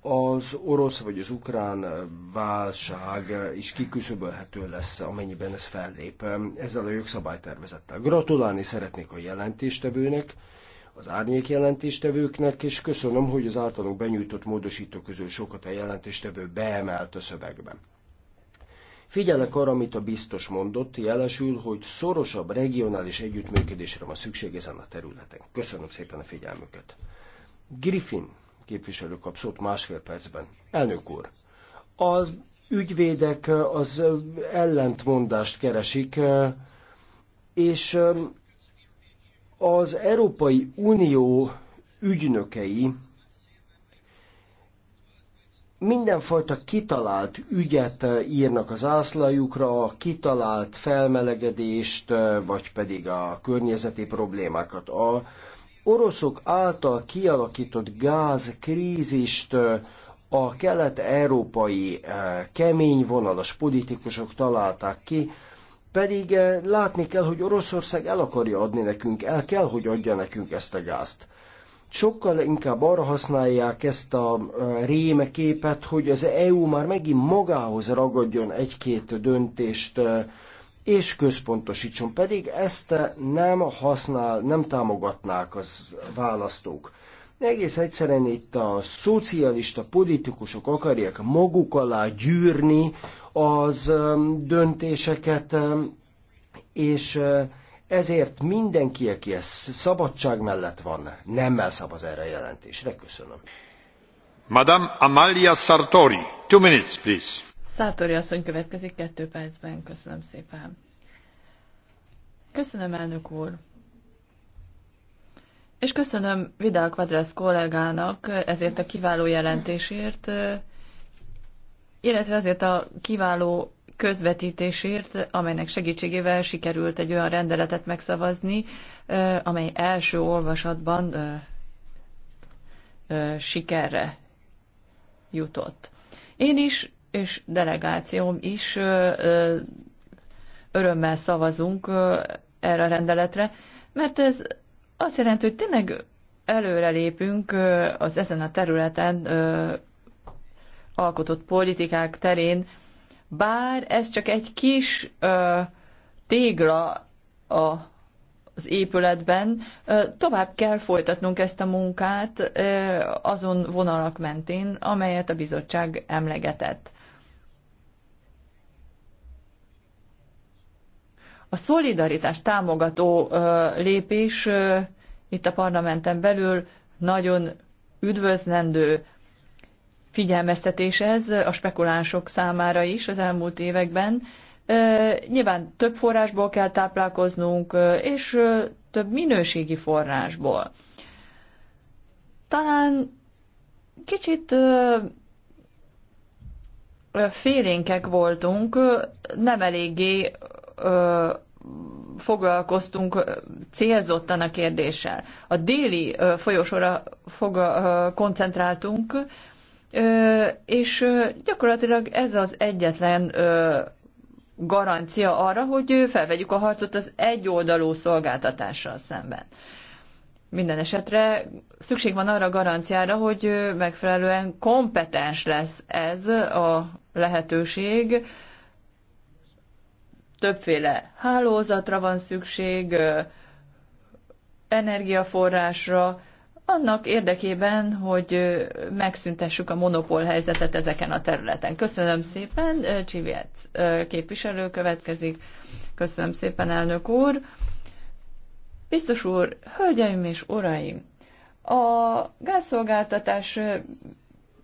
az orosz vagy az ukrán uh, válság uh, is kiküszöbölhető lesz, amennyiben ez fellép um, ezzel a jogszabálytervezettel. Gratulálni szeretnék a jelentéstevőnek, az árnyék jelentéstevőknek, és köszönöm, hogy az általunk benyújtott módosító közül sokat a jelentéstevő beemelt a szövegben. Figyelek arra, amit a biztos mondott, jelesül, hogy szorosabb regionális együttműködésre van szükség ezen a területen. Köszönöm szépen a figyelmüket. Griffin képviselő kap szót másfél percben. Elnök úr, az ügyvédek az ellentmondást keresik, és um, az Európai Unió ügynökei mindenfajta kitalált ügyet eh, írnak az ászlajukra, a kitalált felmelegedést, eh, vagy pedig a környezeti problémákat. A oroszok által kialakított gázkrízist eh, a kelet-európai kemény vonalas politikusok találták ki, pedig látni kell, hogy Oroszország el akarja adni nekünk, el kell, hogy adja nekünk ezt a gázt sokkal inkább arra használják ezt a rémeképet, hogy az EU már megint magához ragadjon egy-két döntést, és központosítson, pedig ezt nem használ, nem támogatnák az választók. Egész egyszerűen itt a szocialista politikusok akarják maguk alá gyűrni az döntéseket, és ezért mindenki, aki a szabadság mellett van, nemmel szavaz erre a jelentésre. Köszönöm. Madame Amalia Sartori, two minutes, please. Sartori asszony következik kettő percben. Köszönöm szépen. Köszönöm, elnök úr. És köszönöm Vidal Quadras kollégának ezért a kiváló jelentésért, illetve azért a kiváló közvetítésért, amelynek segítségével sikerült egy olyan rendeletet megszavazni, amely első olvasatban sikerre jutott. Én is, és delegációm is örömmel szavazunk erre a rendeletre, mert ez azt jelenti, hogy tényleg előrelépünk az ezen a területen alkotott politikák terén bár ez csak egy kis ö, tégla a az épületben. Tovább kell folytatnunk ezt a munkát azon vonalak mentén, amelyet a bizottság emlegetett. A szolidaritás támogató lépés itt a parlamenten belül nagyon üdvözlendő figyelmeztetés ez a spekulánsok számára is az elmúlt években. Nyilván több forrásból kell táplálkoznunk, és több minőségi forrásból. Talán kicsit félénkek voltunk, nem eléggé foglalkoztunk célzottan a kérdéssel. A déli folyosóra koncentráltunk, és gyakorlatilag ez az egyetlen garancia arra, hogy felvegyük a harcot az egyoldalú szolgáltatással szemben. Minden esetre szükség van arra a garanciára, hogy megfelelően kompetens lesz ez a lehetőség. Többféle hálózatra van szükség, energiaforrásra, annak érdekében, hogy megszüntessük a monopól helyzetet ezeken a területen. Köszönöm szépen, Csiviet képviselő következik. Köszönöm szépen, elnök úr. Biztos úr, hölgyeim és uraim, a gázszolgáltatás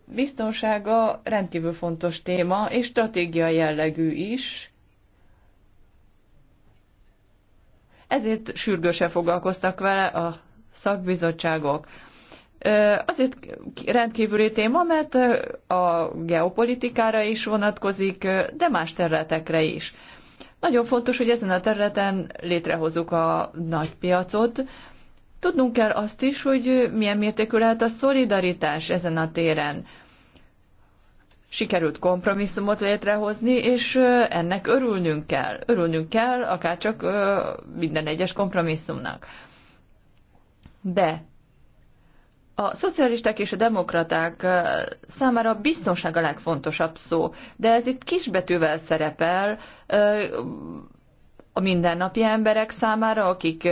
biztonsága rendkívül fontos téma, és stratégiai jellegű is. Ezért sürgősen foglalkoztak vele a szakbizottságok. Azért rendkívüli téma, mert a geopolitikára is vonatkozik, de más területekre is. Nagyon fontos, hogy ezen a területen létrehozzuk a nagy piacot. Tudnunk kell azt is, hogy milyen mértékű lehet a szolidaritás ezen a téren. Sikerült kompromisszumot létrehozni, és ennek örülnünk kell. Örülnünk kell, akár csak minden egyes kompromisszumnak be. A szocialisták és a demokraták számára a biztonság a legfontosabb szó, de ez itt kisbetűvel szerepel a mindennapi emberek számára, akik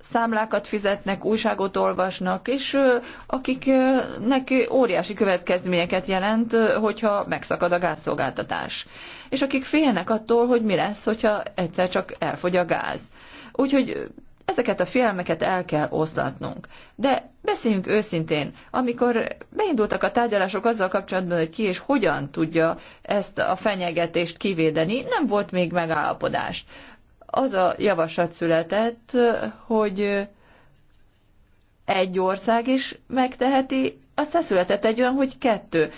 számlákat fizetnek, újságot olvasnak, és akiknek óriási következményeket jelent, hogyha megszakad a gázszolgáltatás. És akik félnek attól, hogy mi lesz, hogyha egyszer csak elfogy a gáz. Úgyhogy Ezeket a félelmeket el kell oszlatnunk. De beszéljünk őszintén, amikor beindultak a tárgyalások azzal kapcsolatban, hogy ki és hogyan tudja ezt a fenyegetést kivédeni, nem volt még megállapodás. Az a javaslat született, hogy egy ország is megteheti, aztán született egy olyan, hogy kettő.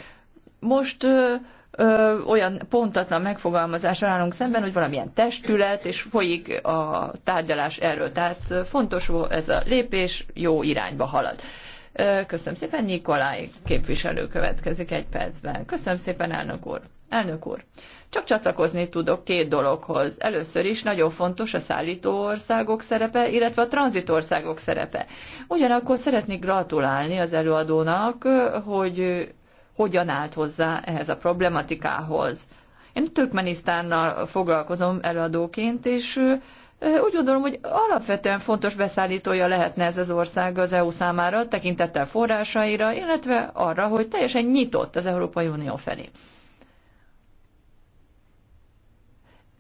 Most ö, olyan pontatlan megfogalmazásra állunk szemben, hogy valamilyen testület, és folyik a tárgyalás erről. Tehát fontos volt ez a lépés, jó irányba halad. Köszönöm szépen, Nikolaj képviselő következik egy percben. Köszönöm szépen, elnök úr. Elnök úr, csak csatlakozni tudok két dologhoz. Először is nagyon fontos a szállító országok szerepe, illetve a tranzitországok szerepe. Ugyanakkor szeretnék gratulálni az előadónak, hogy hogyan állt hozzá ehhez a problematikához. Én Türkmenisztánnal foglalkozom előadóként, és úgy gondolom, hogy alapvetően fontos beszállítója lehetne ez az ország az EU számára, tekintettel forrásaira, illetve arra, hogy teljesen nyitott az Európai Unió felé.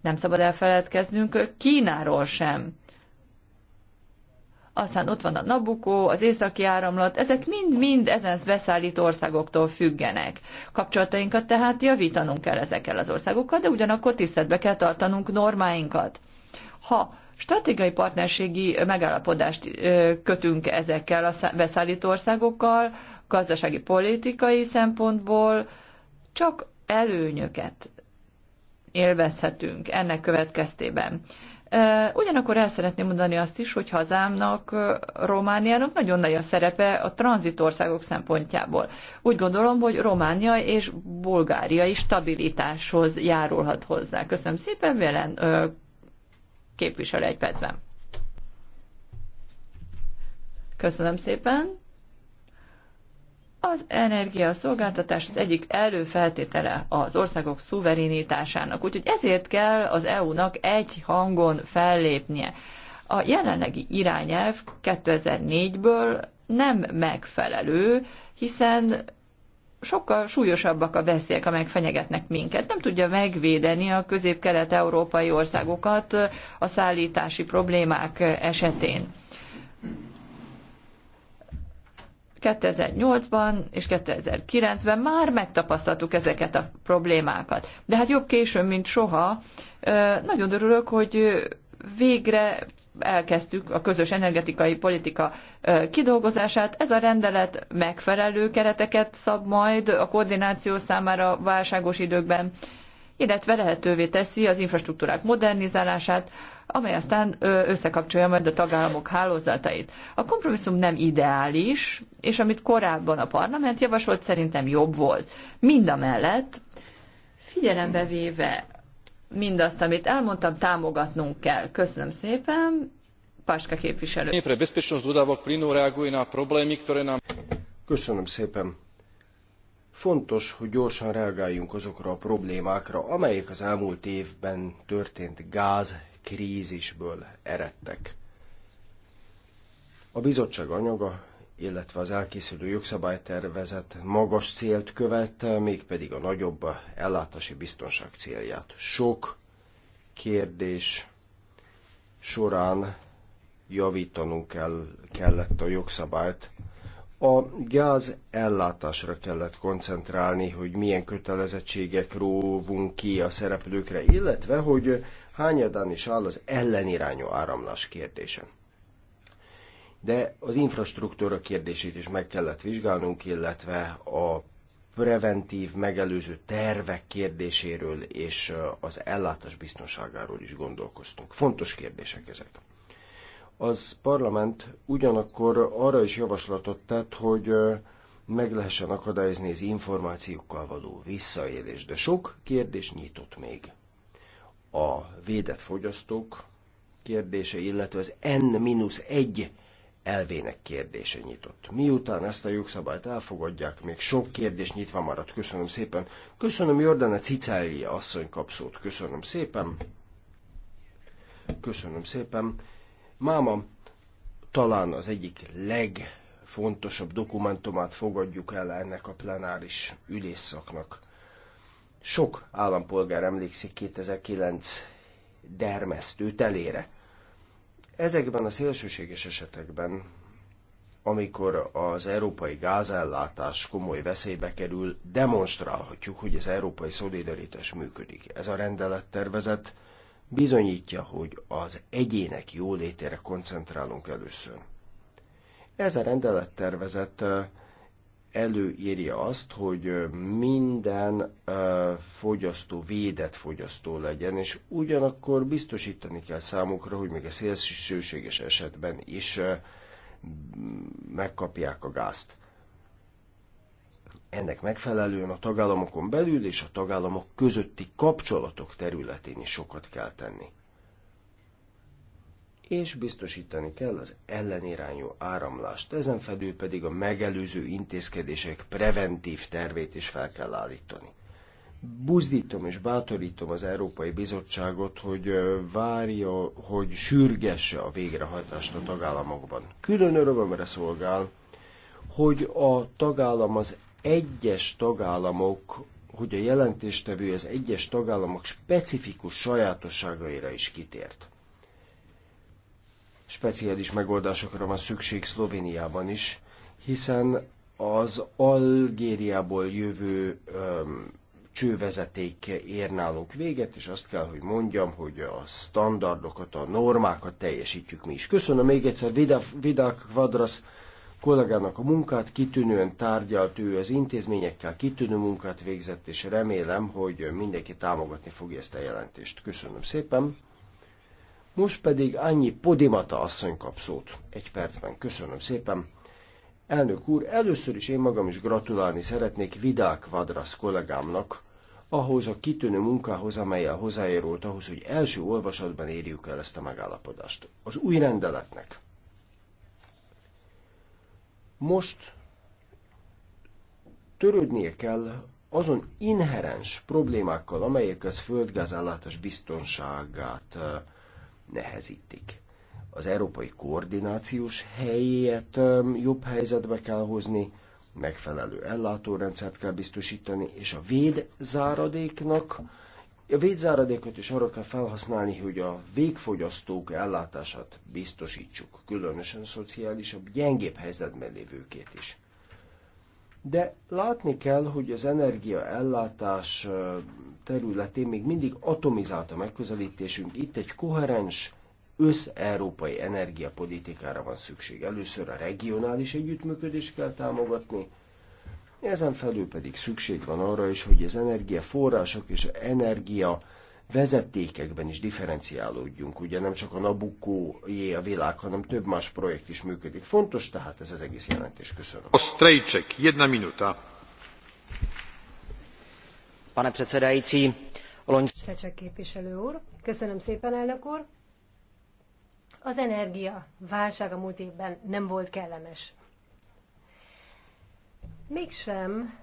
Nem szabad elfeledkeznünk Kínáról sem aztán ott van a Nabucco, az északi áramlat, ezek mind-mind ezen beszállító országoktól függenek. Kapcsolatainkat tehát javítanunk kell ezekkel az országokkal, de ugyanakkor tiszteletbe kell tartanunk normáinkat. Ha stratégiai partnerségi megállapodást kötünk ezekkel a beszállító országokkal, gazdasági politikai szempontból, csak előnyöket élvezhetünk ennek következtében. Ugyanakkor el szeretném mondani azt is, hogy hazámnak, Romániának nagyon nagy a szerepe a tranzitországok szempontjából. Úgy gondolom, hogy Románia és Bulgária is stabilitáshoz járulhat hozzá. Köszönöm szépen, Vélen képviselő egy percben. Köszönöm szépen. Az energia szolgáltatás az egyik előfeltétele az országok szuverenitásának, úgyhogy ezért kell az EU-nak egy hangon fellépnie. A jelenlegi irányelv 2004-ből nem megfelelő, hiszen sokkal súlyosabbak a veszélyek, amelyek fenyegetnek minket. Nem tudja megvédeni a közép-kelet-európai országokat a szállítási problémák esetén. 2008-ban és 2009-ben már megtapasztaltuk ezeket a problémákat. De hát jobb későn, mint soha. Nagyon örülök, hogy végre elkezdtük a közös energetikai politika kidolgozását. Ez a rendelet megfelelő kereteket szab majd a koordináció számára válságos időkben, illetve lehetővé teszi az infrastruktúrák modernizálását, amely aztán összekapcsolja majd a tagállamok hálózatait. A kompromisszum nem ideális, és amit korábban a parlament javasolt, szerintem jobb volt. Mind a mellett, figyelembe véve mindazt, amit elmondtam, támogatnunk kell. Köszönöm szépen, Páska képviselő. Köszönöm szépen. Fontos, hogy gyorsan reagáljunk azokra a problémákra, amelyek az elmúlt évben történt gáz krízisből eredtek. A bizottság anyaga, illetve az elkészülő jogszabálytervezet magas célt követte, mégpedig a nagyobb ellátási biztonság célját. Sok kérdés során javítanunk kell, kellett a jogszabályt. A gáz ellátásra kellett koncentrálni, hogy milyen kötelezettségek róvunk ki a szereplőkre, illetve hogy Hányadan is áll az ellenirányú áramlás kérdése. De az infrastruktúra kérdését is meg kellett vizsgálnunk, illetve a preventív, megelőző tervek kérdéséről és az ellátás biztonságáról is gondolkoztunk. Fontos kérdések ezek. Az parlament ugyanakkor arra is javaslatot tett, hogy meg lehessen akadályozni az információkkal való visszaélés, de sok kérdés nyitott még a védett fogyasztók kérdése, illetve az N-1 elvének kérdése nyitott. Miután ezt a jogszabályt elfogadják, még sok kérdés nyitva maradt. Köszönöm szépen. Köszönöm a Cicelli asszony kapszót. Köszönöm szépen. Köszönöm szépen. Máma talán az egyik legfontosabb dokumentumát fogadjuk el ennek a plenáris ülésszaknak. Sok állampolgár emlékszik 2009 dermesztő telére. Ezekben a szélsőséges esetekben, amikor az európai gázellátás komoly veszélybe kerül, demonstrálhatjuk, hogy az európai szolidaritás működik. Ez a rendelettervezet bizonyítja, hogy az egyének jólétére koncentrálunk először. Ez a rendelettervezet előírja azt, hogy minden fogyasztó védett fogyasztó legyen, és ugyanakkor biztosítani kell számukra, hogy még a szélsőséges esetben is megkapják a gázt. Ennek megfelelően a tagállamokon belül és a tagállamok közötti kapcsolatok területén is sokat kell tenni és biztosítani kell az ellenirányú áramlást, ezen felül pedig a megelőző intézkedések preventív tervét is fel kell állítani. Buzdítom és bátorítom az Európai Bizottságot, hogy várja, hogy sürgesse a végrehajtást a tagállamokban. Külön örömömre szolgál, hogy a tagállam az egyes tagállamok, hogy a jelentéstevő az egyes tagállamok specifikus sajátosságaira is kitért speciális megoldásokra van szükség Szlovéniában is, hiszen az Algériából jövő öm, csővezeték ér nálunk véget, és azt kell, hogy mondjam, hogy a standardokat, a normákat teljesítjük mi is. Köszönöm még egyszer Vidák Vadrasz kollégának a munkát, kitűnően tárgyalt ő az intézményekkel, kitűnő munkát végzett, és remélem, hogy mindenki támogatni fogja ezt a jelentést. Köszönöm szépen! Most pedig annyi Podimata asszony kap szót. Egy percben. Köszönöm szépen. Elnök úr, először is én magam is gratulálni szeretnék Vidák Vadrasz kollégámnak, ahhoz a kitűnő munkához, amelyel hozzájárult ahhoz, hogy első olvasatban érjük el ezt a megállapodást. Az új rendeletnek. Most törődnie kell azon inherens problémákkal, amelyek az földgázállátás biztonságát eh, nehezítik. Az európai koordinációs helyét jobb helyzetbe kell hozni, megfelelő ellátórendszert kell biztosítani, és a védzáradéknak a védzáradékot is arra kell felhasználni, hogy a végfogyasztók ellátását biztosítsuk, különösen a szociálisabb, gyengébb helyzetben lévőkét is de látni kell, hogy az energiaellátás területén még mindig atomizált a megközelítésünk. Itt egy koherens, összeurópai energiapolitikára van szükség. Először a regionális együttműködést kell támogatni, ezen felül pedig szükség van arra is, hogy az energiaforrások és energia vezetékekben is differenciálódjunk. Ugye nem csak a Nabucco-jé a világ, hanem több más projekt is működik. Fontos tehát ez az egész jelentés. Köszönöm. Ostrejcsek, jedna minuta. Pane předsedající, Olony... Strecsek képviselő úr, köszönöm szépen, elnök úr. Az energia válság a múlt évben nem volt kellemes. Mégsem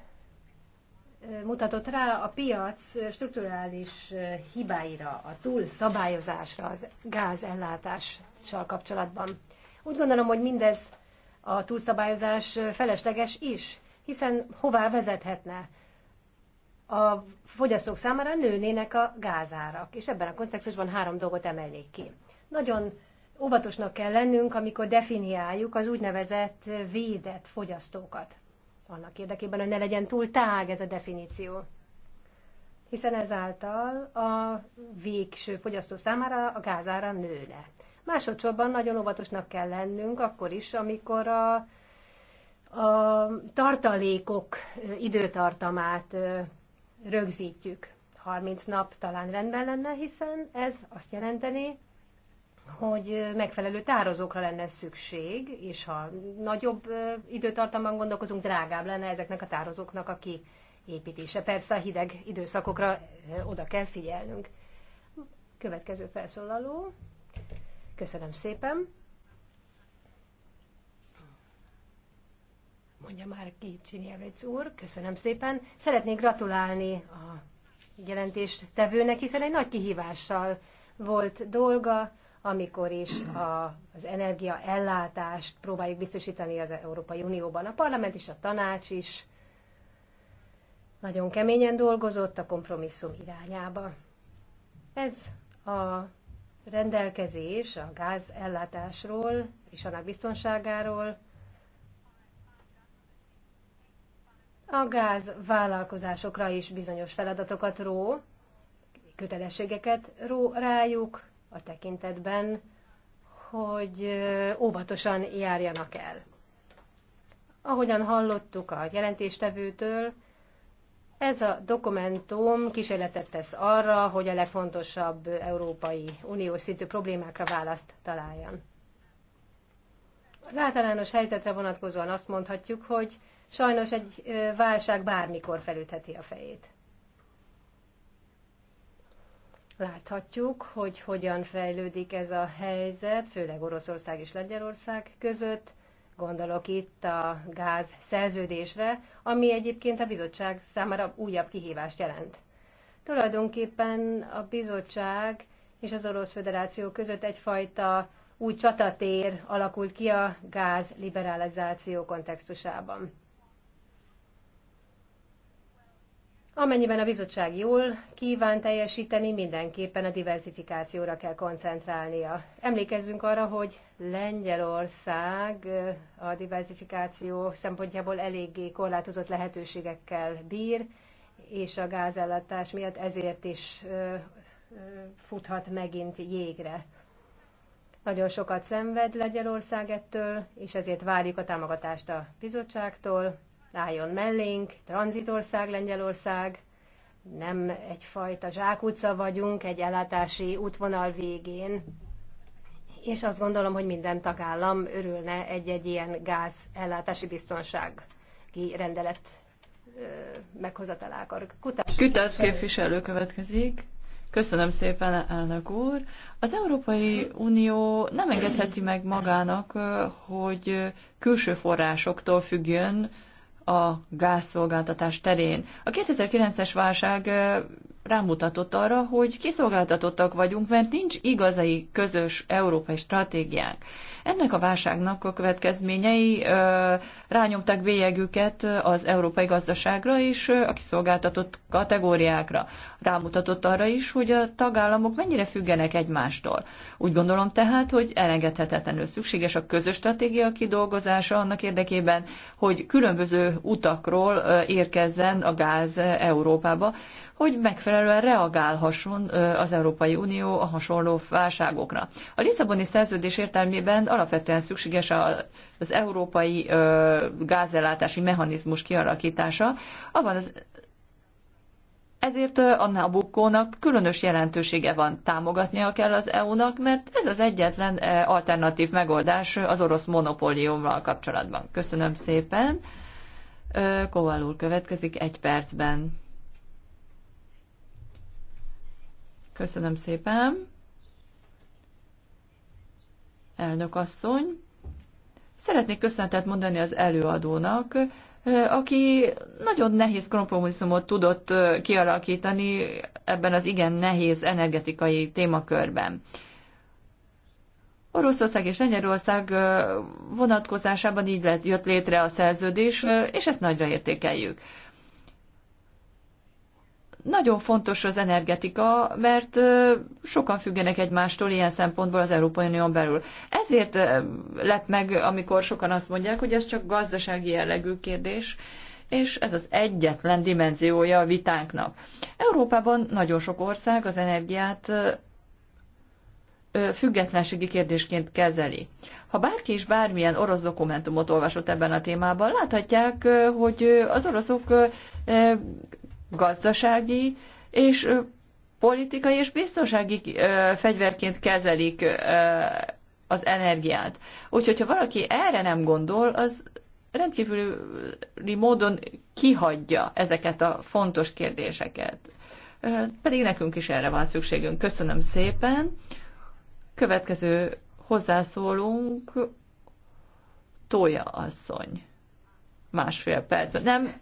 mutatott rá a piac strukturális eh, hibáira, a túlszabályozásra, az gázellátással kapcsolatban. Úgy gondolom, hogy mindez a túlszabályozás eh, felesleges is, hiszen hová vezethetne? A fogyasztók számára nőnének a gázárak, és ebben a kontextusban három dolgot emelnék ki. Nagyon óvatosnak kell lennünk, amikor definiáljuk az úgynevezett védett fogyasztókat annak érdekében, hogy ne legyen túl tág ez a definíció. Hiszen ezáltal a végső fogyasztó számára a gázára nőne. Másodszorban nagyon óvatosnak kell lennünk akkor is, amikor a, a tartalékok időtartamát rögzítjük. 30 nap talán rendben lenne, hiszen ez azt jelenteni, hogy megfelelő tározókra lenne szükség, és ha nagyobb időtartamban gondolkozunk, drágább lenne ezeknek a tározóknak a kiépítése. Persze a hideg időszakokra oda kell figyelnünk. Következő felszólaló. Köszönöm szépen. Mondja már ki Csinyevec úr, köszönöm szépen. Szeretnék gratulálni a tevőnek, hiszen egy nagy kihívással volt dolga, amikor is a, az energiaellátást próbáljuk biztosítani az Európai Unióban. A parlament és a tanács is nagyon keményen dolgozott a kompromisszum irányába. Ez a rendelkezés a gázellátásról és annak biztonságáról a gáz vállalkozásokra is bizonyos feladatokat ró, kötelességeket ró rájuk, a tekintetben, hogy óvatosan járjanak el. Ahogyan hallottuk a jelentéstevőtől, ez a dokumentum kísérletet tesz arra, hogy a legfontosabb Európai Uniós szintű problémákra választ találjon. Az általános helyzetre vonatkozóan azt mondhatjuk, hogy sajnos egy válság bármikor felütheti a fejét. Láthatjuk, hogy hogyan fejlődik ez a helyzet, főleg Oroszország és Lengyelország között. Gondolok itt a gáz szerződésre, ami egyébként a bizottság számára újabb kihívást jelent. Tulajdonképpen a bizottság és az Orosz Föderáció között egyfajta új csatatér alakult ki a gáz liberalizáció kontextusában. Amennyiben a bizottság jól kíván teljesíteni, mindenképpen a diversifikációra kell koncentrálnia. Emlékezzünk arra, hogy Lengyelország eh, a diversifikáció szempontjából eléggé korlátozott lehetőségekkel bír, és a gázellátás miatt ezért is eh, eh, futhat megint jégre. Nagyon sokat szenved Lengyelország ettől, és ezért várjuk a támogatást a bizottságtól, álljon mellénk, tranzitország Lengyelország, nem egyfajta zsákutca vagyunk egy ellátási útvonal végén, és azt gondolom, hogy minden tagállam örülne egy-egy ilyen gáz ellátási biztonsági rendelet meghozatalákor. Kutás, Kutás képviselő következik. Köszönöm szépen, elnök úr. Az Európai Unió nem engedheti meg magának, hogy külső forrásoktól függjön, a gázszolgáltatás terén. A 2009-es válság rámutatott arra, hogy kiszolgáltatottak vagyunk, mert nincs igazai közös európai stratégiánk. Ennek a válságnak a következményei ö, rányomták bélyegüket az európai gazdaságra és a kiszolgáltatott kategóriákra rámutatott arra is, hogy a tagállamok mennyire függenek egymástól. Úgy gondolom tehát, hogy elengedhetetlenül szükséges a közös stratégia kidolgozása annak érdekében, hogy különböző utakról érkezzen a gáz Európába, hogy megfelelően reagálhasson az Európai Unió a hasonló válságokra. A Lisszaboni szerződés értelmében alapvetően szükséges az európai gázellátási mechanizmus kialakítása, abban az ezért a Nabukkónak különös jelentősége van, támogatnia kell az EU-nak, mert ez az egyetlen alternatív megoldás az orosz monopóliummal kapcsolatban. Köszönöm szépen. Kovál úr következik egy percben. Köszönöm szépen. Elnök asszony. Szeretnék köszöntet mondani az előadónak, aki nagyon nehéz kompromisszumot tudott kialakítani ebben az igen nehéz energetikai témakörben. Oroszország és Lengyelország vonatkozásában így lett, jött létre a szerződés, és ezt nagyra értékeljük. Nagyon fontos az energetika, mert sokan függenek egymástól ilyen szempontból az Európai Unión belül. Ezért lett meg, amikor sokan azt mondják, hogy ez csak gazdasági jellegű kérdés, és ez az egyetlen dimenziója a vitánknak. Európában nagyon sok ország az energiát függetlenségi kérdésként kezeli. Ha bárki is bármilyen orosz dokumentumot olvasott ebben a témában, láthatják, hogy az oroszok gazdasági és politikai és biztonsági fegyverként kezelik az energiát. Úgyhogy, ha valaki erre nem gondol, az rendkívüli módon kihagyja ezeket a fontos kérdéseket. Pedig nekünk is erre van szükségünk. Köszönöm szépen. Következő hozzászólunk Tója asszony. Másfél perc. Nem,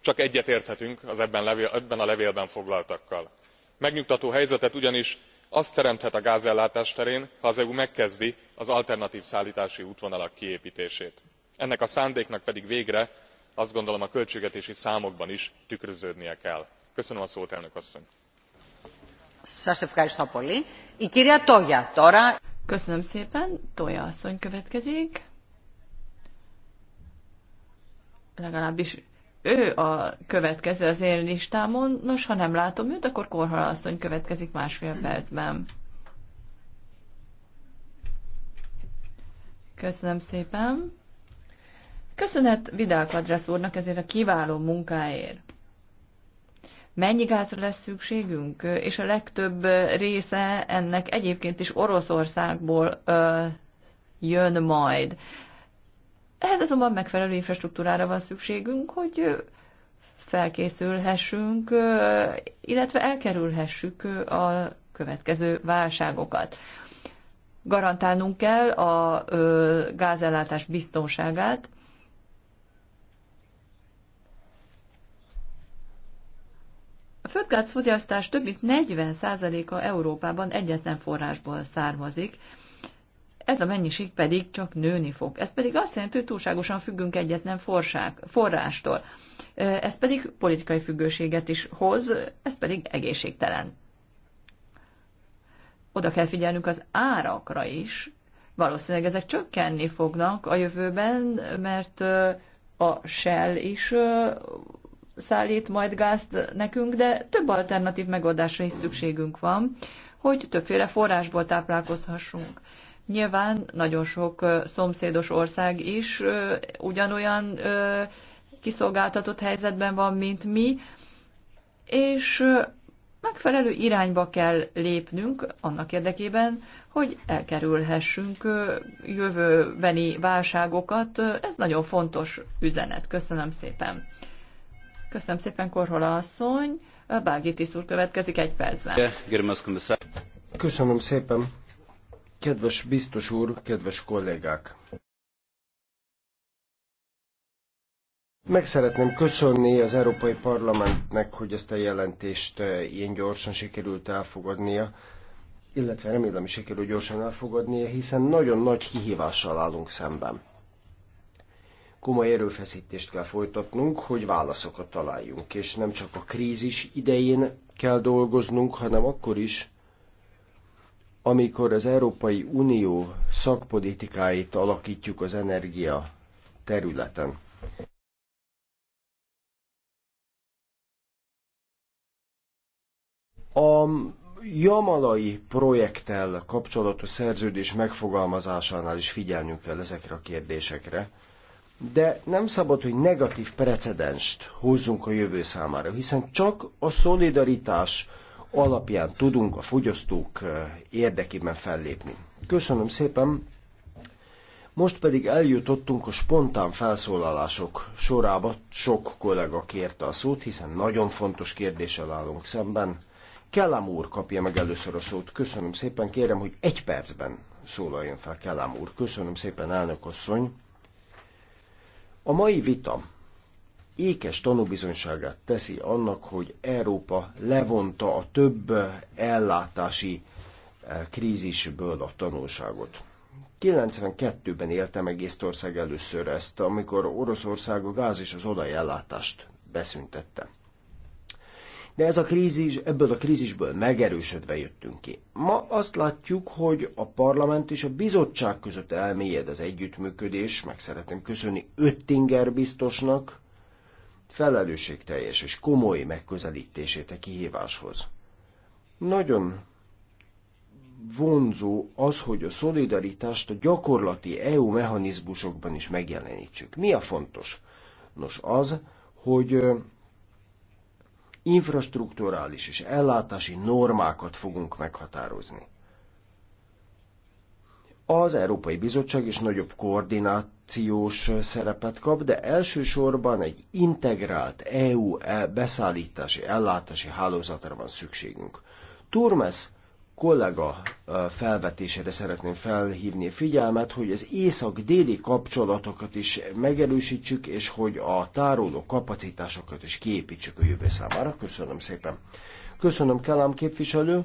csak egyetérthetünk az ebben a levélben foglaltakkal. megnyugtató helyzetet ugyanis az teremthet a gázellátás terén ha az eu megkezdi az alternatv szálltási útvonalak kiéptését ennek a szándéknak pedig végre azt gondolom a költségvetési számokban is tükröződnie kell. köszönöm a szót elnök asszony! Köszönöm szépen. következik ő a következő az én listámon. Nos, ha nem látom őt, akkor Korhal asszony következik másfél percben. Köszönöm szépen. Köszönet Vidal Kadrasz úrnak ezért a kiváló munkáért. Mennyi gázra lesz szükségünk? És a legtöbb része ennek egyébként is Oroszországból ö, jön majd. Ehhez azonban megfelelő infrastruktúrára van szükségünk, hogy felkészülhessünk, illetve elkerülhessük a következő válságokat. Garantálnunk kell a gázellátás biztonságát, A földgázfogyasztás több mint 40%-a Európában egyetlen forrásból származik, ez a mennyiség pedig csak nőni fog. Ez pedig azt jelenti, hogy túlságosan függünk egyetlen forság, forrástól. Ez pedig politikai függőséget is hoz, ez pedig egészségtelen. Oda kell figyelnünk az árakra is. Valószínűleg ezek csökkenni fognak a jövőben, mert a Shell is szállít majd gázt nekünk, de több alternatív megoldásra is szükségünk van, hogy többféle forrásból táplálkozhassunk. Nyilván nagyon sok szomszédos ország is ugyanolyan kiszolgáltatott helyzetben van, mint mi, és megfelelő irányba kell lépnünk annak érdekében, hogy elkerülhessünk jövőbeni válságokat. Ez nagyon fontos üzenet. Köszönöm szépen. Köszönöm szépen, Korhola asszony. Bági Tiszúr következik egy percben. Köszönöm szépen. Kedves biztos úr, kedves kollégák! Meg szeretném köszönni az Európai Parlamentnek, hogy ezt a jelentést eh, ilyen gyorsan sikerült elfogadnia, illetve remélem, hogy sikerül gyorsan elfogadnia, hiszen nagyon nagy kihívással állunk szemben. Komoly erőfeszítést kell folytatnunk, hogy válaszokat találjunk, és nem csak a krízis idején kell dolgoznunk, hanem akkor is, amikor az Európai Unió szakpolitikáit alakítjuk az energia területen. A jamalai projekttel kapcsolatos szerződés megfogalmazásánál is figyelnünk kell ezekre a kérdésekre, de nem szabad, hogy negatív precedenst hozzunk a jövő számára, hiszen csak a szolidaritás, alapján tudunk a fogyasztók eh, érdekében fellépni. Köszönöm szépen! Most pedig eljutottunk a spontán felszólalások sorába. Sok kollega kérte a szót, hiszen nagyon fontos kérdéssel állunk szemben. Kellám úr kapja meg először a szót. Köszönöm szépen, kérem, hogy egy percben szólaljon fel Kellám úr. Köszönöm szépen, elnök asszony. A mai vita ékes tanúbizonyságát teszi annak, hogy Európa levonta a több ellátási eh, krízisből a tanulságot. 92-ben éltem ország először ezt, amikor Oroszország a gáz és az olaj ellátást beszüntette. De ez a krízis, ebből a krízisből megerősödve jöttünk ki. Ma azt látjuk, hogy a parlament és a bizottság között elmélyed az együttműködés, meg szeretném köszönni Öttinger biztosnak, felelősségteljes és komoly megközelítését a kihíváshoz. Nagyon vonzó az, hogy a szolidaritást a gyakorlati EU mechanizmusokban is megjelenítsük. Mi a fontos? Nos, az, hogy infrastruktúrális és ellátási normákat fogunk meghatározni az Európai Bizottság is nagyobb koordinációs szerepet kap, de elsősorban egy integrált EU e beszállítási, ellátási hálózatra van szükségünk. Turmes kollega felvetésére szeretném felhívni a figyelmet, hogy az észak-déli kapcsolatokat is megerősítsük, és hogy a tároló kapacitásokat is kiépítsük a jövő számára. Köszönöm szépen. Köszönöm, Kellám képviselő.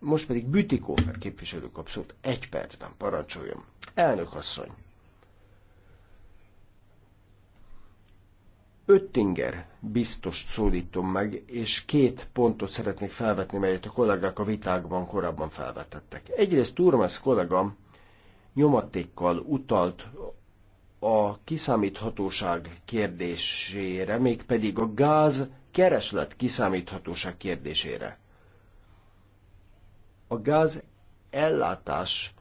Most pedig Bütikófer képviselő kap szót. Egy percben parancsoljon. Elnök asszony. Öttinger biztos szólítom meg, és két pontot szeretnék felvetni, melyet a kollégák a vitákban korábban felvetettek. Egyrészt Turmes kollega nyomatékkal utalt a kiszámíthatóság kérdésére, mégpedig a gáz kereslet kiszámíthatóság kérdésére a gáz ellátás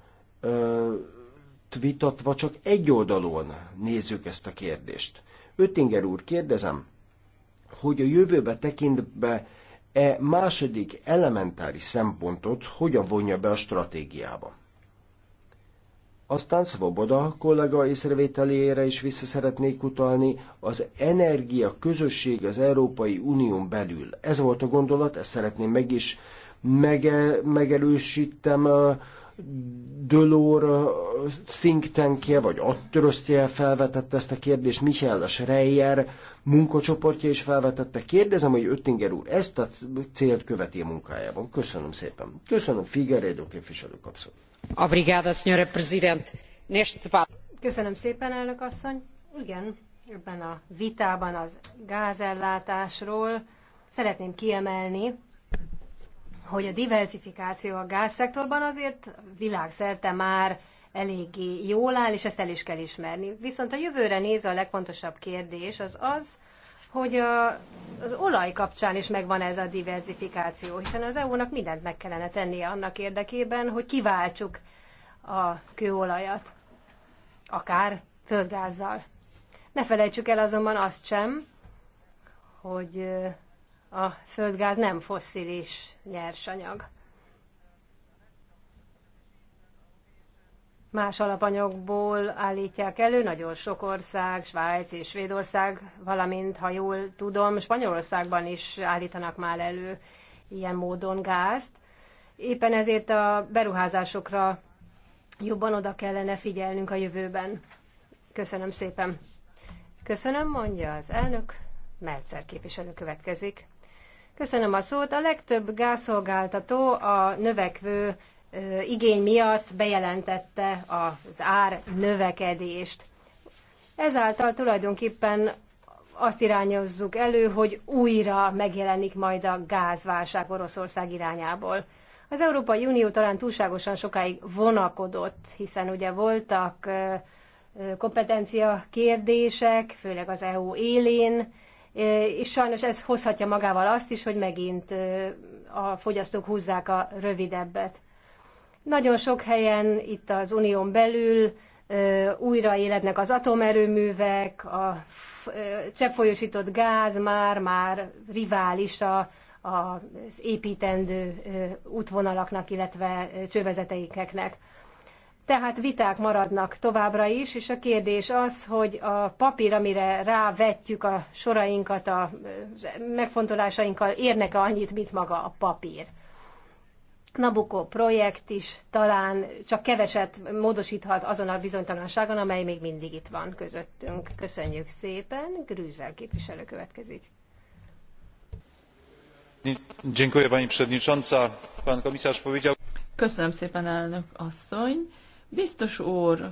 vitatva csak egy oldalon nézzük ezt a kérdést. Öttinger úr, kérdezem, hogy a jövőbe tekintve e második elementári szempontot hogyan vonja be a stratégiába. Aztán Svoboda kollega észrevételére is vissza szeretnék utalni, az energia közösség az Európai Unión belül. Ez volt a gondolat, ezt szeretném meg is mege, megerősítem Dölor think tankje, vagy attröztje felvetette ezt a kérdést, Michael Schreier munkacsoportja is felvetette. Kérdezem, hogy Öttinger úr ezt a célt követi a munkájában. Köszönöm szépen. Köszönöm, Figueredo képviselő kapszol. Obrigada, signore president. Köszönöm szépen, elnök asszony. Igen, ebben a vitában az gázellátásról szeretném kiemelni, hogy a diversifikáció a gázszektorban azért világszerte már eléggé jól áll, és ezt el is kell ismerni. Viszont a jövőre nézve a legfontosabb kérdés az az, hogy a, az olaj kapcsán is megvan ez a diversifikáció, hiszen az EU-nak mindent meg kellene tennie annak érdekében, hogy kiváltsuk a kőolajat, akár földgázzal. Ne felejtsük el azonban azt sem, hogy a földgáz nem fosszilis nyersanyag. Más alapanyagból állítják elő, nagyon sok ország, Svájc és Svédország, valamint, ha jól tudom, Spanyolországban is állítanak már elő ilyen módon gázt. Éppen ezért a beruházásokra jobban oda kellene figyelnünk a jövőben. Köszönöm szépen. Köszönöm, mondja az elnök. Melcer képviselő következik. Köszönöm a szót. A legtöbb gázszolgáltató a növekvő igény miatt bejelentette az ár növekedést. Ezáltal tulajdonképpen azt irányozzuk elő, hogy újra megjelenik majd a gázválság Oroszország irányából. Az Európai Unió talán túlságosan sokáig vonakodott, hiszen ugye voltak kompetencia kérdések, főleg az EU élén, és sajnos ez hozhatja magával azt is, hogy megint a fogyasztók húzzák a rövidebbet. Nagyon sok helyen itt az unión belül újra életnek az atomerőművek, a cseppfolyósított gáz már, már rivális a, az építendő útvonalaknak, illetve csővezeteiknek. Tehát viták maradnak továbbra is, és a kérdés az, hogy a papír, amire rávetjük a sorainkat, a megfontolásainkkal, érnek-e annyit, mint maga a papír. Nabucco projekt is talán csak keveset módosíthat azon a bizonytalanságon, amely még mindig itt van közöttünk. Köszönjük szépen. Grűzel képviselő következik. Dziękuję pani przewodnicząca. Pan komisarz powiedział... Köszönöm szépen, elnök asszony. Biztos úr,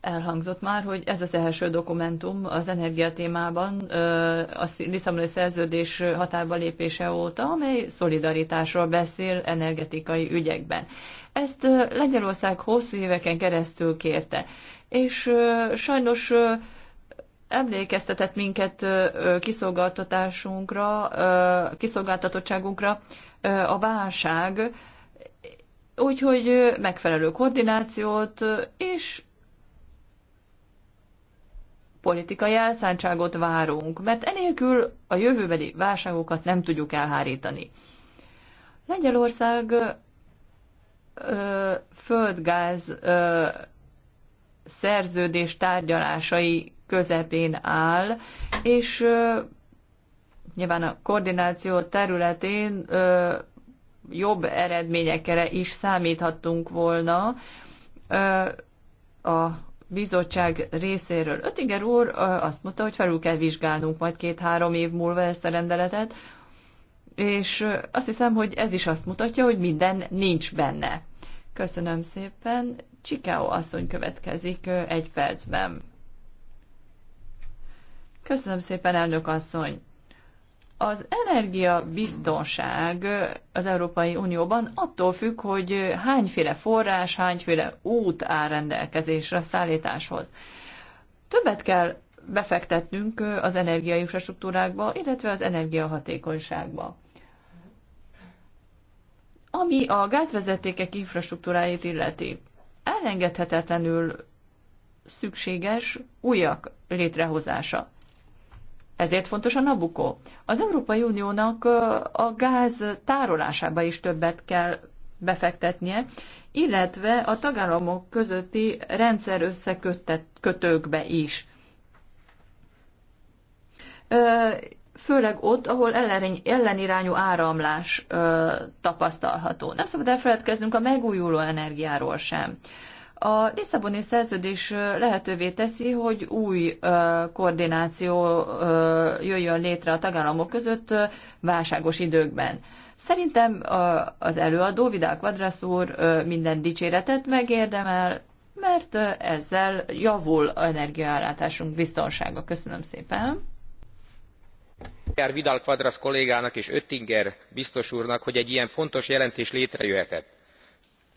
elhangzott már, hogy ez az első dokumentum az energiatémában a Lisszaboni szerződés határba lépése óta, amely szolidaritásról beszél energetikai ügyekben. Ezt Lengyelország hosszú éveken keresztül kérte, és sajnos emlékeztetett minket kiszolgáltatásunkra, kiszolgáltatottságunkra a válság, Úgyhogy megfelelő koordinációt és politikai elszántságot várunk, mert enélkül a jövőbeli válságokat nem tudjuk elhárítani. Lengyelország ö, földgáz ö, szerződés tárgyalásai közepén áll, és ö, nyilván a koordináció területén ö, jobb eredményekre is számíthattunk volna a bizottság részéről. Ötinger úr azt mondta, hogy felül kell vizsgálnunk majd két-három év múlva ezt a rendeletet, és azt hiszem, hogy ez is azt mutatja, hogy minden nincs benne. Köszönöm szépen. Csikáó asszony következik egy percben. Köszönöm szépen, elnök asszony. Az energiabiztonság az Európai Unióban attól függ, hogy hányféle forrás, hányféle út áll rendelkezésre a szállításhoz. Többet kell befektetnünk az energiainfrastruktúrákba, illetve az energiahatékonyságba. Ami a gázvezetékek infrastruktúráit illeti, elengedhetetlenül szükséges újak létrehozása. Ezért fontos a Nabukó. Az Európai Uniónak a gáz tárolásába is többet kell befektetnie, illetve a tagállamok közötti rendszer összekötőkbe is. Főleg ott, ahol ellenirányú áramlás tapasztalható. Nem szabad elfeledkeznünk a megújuló energiáról sem. A Lisszaboni szerződés lehetővé teszi, hogy új koordináció jöjjön létre a tagállamok között válságos időkben. Szerintem az előadó, Vidal Quadrasz úr minden dicséretet megérdemel, mert ezzel javul a energiaellátásunk biztonsága. Köszönöm szépen! Vidal Quadras kollégának és Öttinger biztos úrnak, hogy egy ilyen fontos jelentés létrejöhetett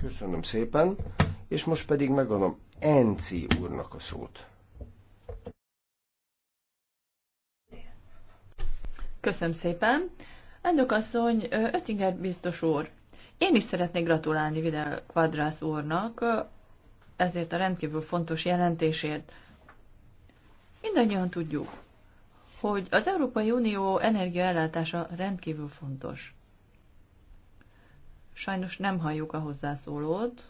Köszönöm szépen, és most pedig megadom Enci úrnak a szót. Köszönöm szépen. Endok asszony, Öttinger biztos úr, én is szeretnék gratulálni Videl Quadrász úrnak ezért a rendkívül fontos jelentésért. Mindannyian tudjuk, hogy az Európai Unió energiaellátása rendkívül fontos. Sajnos nem halljuk a hozzászólót.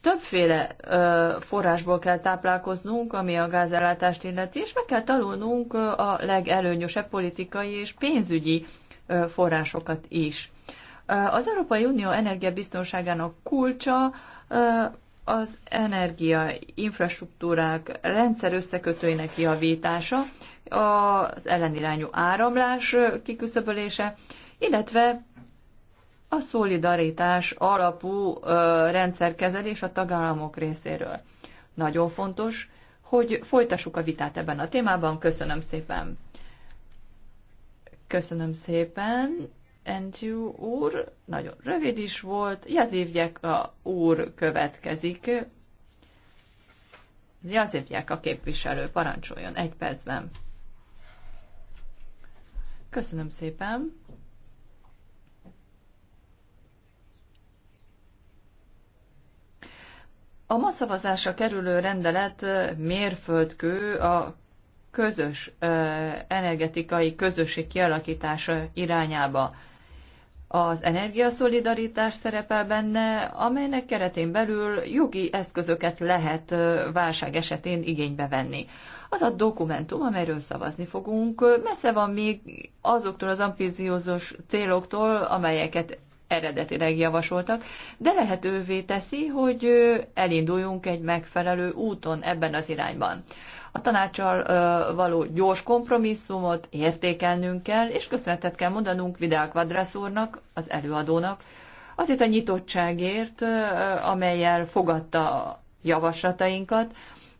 Többféle ö, forrásból kell táplálkoznunk, ami a gázellátást illeti, és meg kell tanulnunk a legelőnyösebb politikai és pénzügyi ö, forrásokat is. Az Európai Unió energiabiztonságának kulcsa ö, az energia infrastruktúrák rendszer összekötőinek javítása, az ellenirányú áramlás kiküszöbölése, illetve a szolidaritás alapú rendszerkezelés a tagállamok részéről. Nagyon fontos, hogy folytassuk a vitát ebben a témában. Köszönöm szépen! Köszönöm szépen, Andrew úr, nagyon rövid is volt. Jazévgyek a úr következik. Jazévgyek a képviselő, parancsoljon egy percben. Köszönöm szépen. A ma szavazásra kerülő rendelet mérföldkő a közös energetikai közösség kialakítása irányába. Az energiaszolidaritás szerepel benne, amelynek keretén belül jogi eszközöket lehet válság esetén igénybe venni. Az a dokumentum, amelyről szavazni fogunk, messze van még azoktól az ambiciózus céloktól, amelyeket eredetileg javasoltak, de lehetővé teszi, hogy elinduljunk egy megfelelő úton ebben az irányban. A tanácsal való gyors kompromisszumot értékelnünk kell, és köszönetet kell mondanunk Vidal Quadras úrnak, az előadónak, azért a nyitottságért, amelyel fogadta javaslatainkat,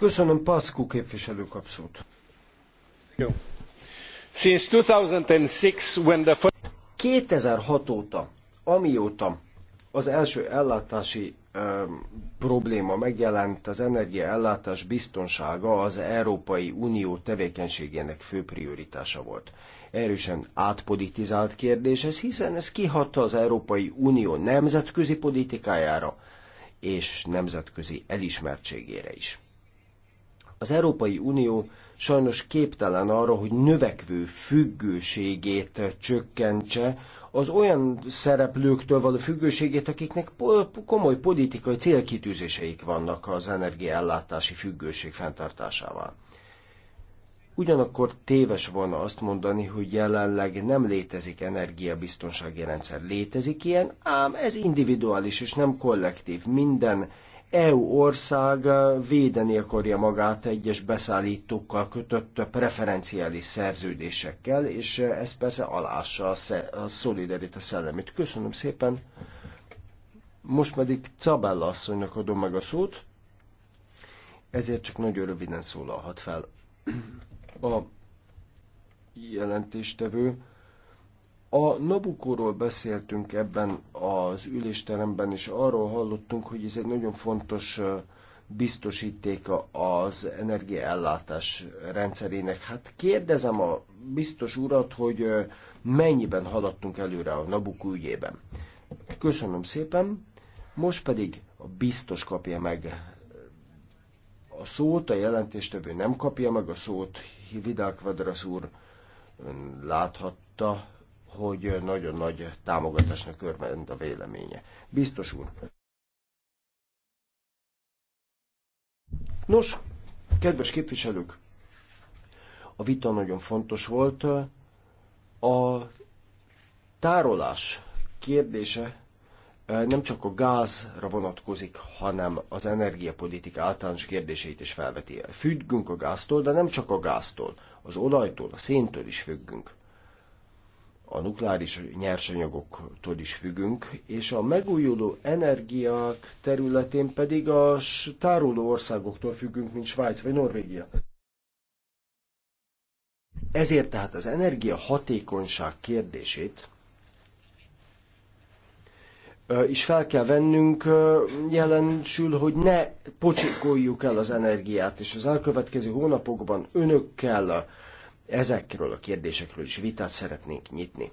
Köszönöm, Pascu képviselő kap Since 2006, when the... 2006 óta, amióta az első ellátási ö, probléma megjelent, az energiaellátás biztonsága az Európai Unió tevékenységének fő prioritása volt erősen átpolitizált kérdés ez, hiszen ez kihatta az Európai Unió nemzetközi politikájára és nemzetközi elismertségére is. Az Európai Unió sajnos képtelen arra, hogy növekvő függőségét csökkentse az olyan szereplőktől való függőségét, akiknek komoly politikai célkitűzéseik vannak az energiaellátási függőség fenntartásával. Ugyanakkor téves volna azt mondani, hogy jelenleg nem létezik energiabiztonsági rendszer. Létezik ilyen, ám ez individuális és nem kollektív. Minden EU ország eh, védeni akarja magát egyes beszállítókkal kötött preferenciális szerződésekkel, és eh, ez persze alássa a, sze- a szolidaritás szellemét. Köszönöm szépen. Most pedig Cabella asszonynak adom meg a szót, ezért csak nagyon röviden szólalhat fel a jelentéstevő. A Nabukóról beszéltünk ebben az ülésteremben, és arról hallottunk, hogy ez egy nagyon fontos biztosítéka az energiaellátás rendszerének. Hát kérdezem a biztos urat, hogy mennyiben haladtunk előre a Nabuk ügyében. Köszönöm szépen, most pedig a biztos kapja meg a szót, a jelentéstevő nem kapja meg a szót, Vidal Quadras úr láthatta, hogy nagyon nagy támogatásnak örvend a véleménye. Biztos úr. Nos, kedves képviselők, a vita nagyon fontos volt. A tárolás kérdése nem csak a gázra vonatkozik, hanem az energiapolitika általános kérdéseit is felveti. Függünk a gáztól, de nem csak a gáztól, az olajtól, a széntől is függünk. A nukleáris nyersanyagoktól is függünk, és a megújuló energiák területén pedig a tároló országoktól függünk, mint Svájc vagy Norvégia. Ezért tehát az energia hatékonyság kérdését is fel kell vennünk, jelensül, hogy ne pocsikoljuk el az energiát, és az elkövetkező hónapokban önökkel ezekről a kérdésekről is vitát szeretnénk nyitni.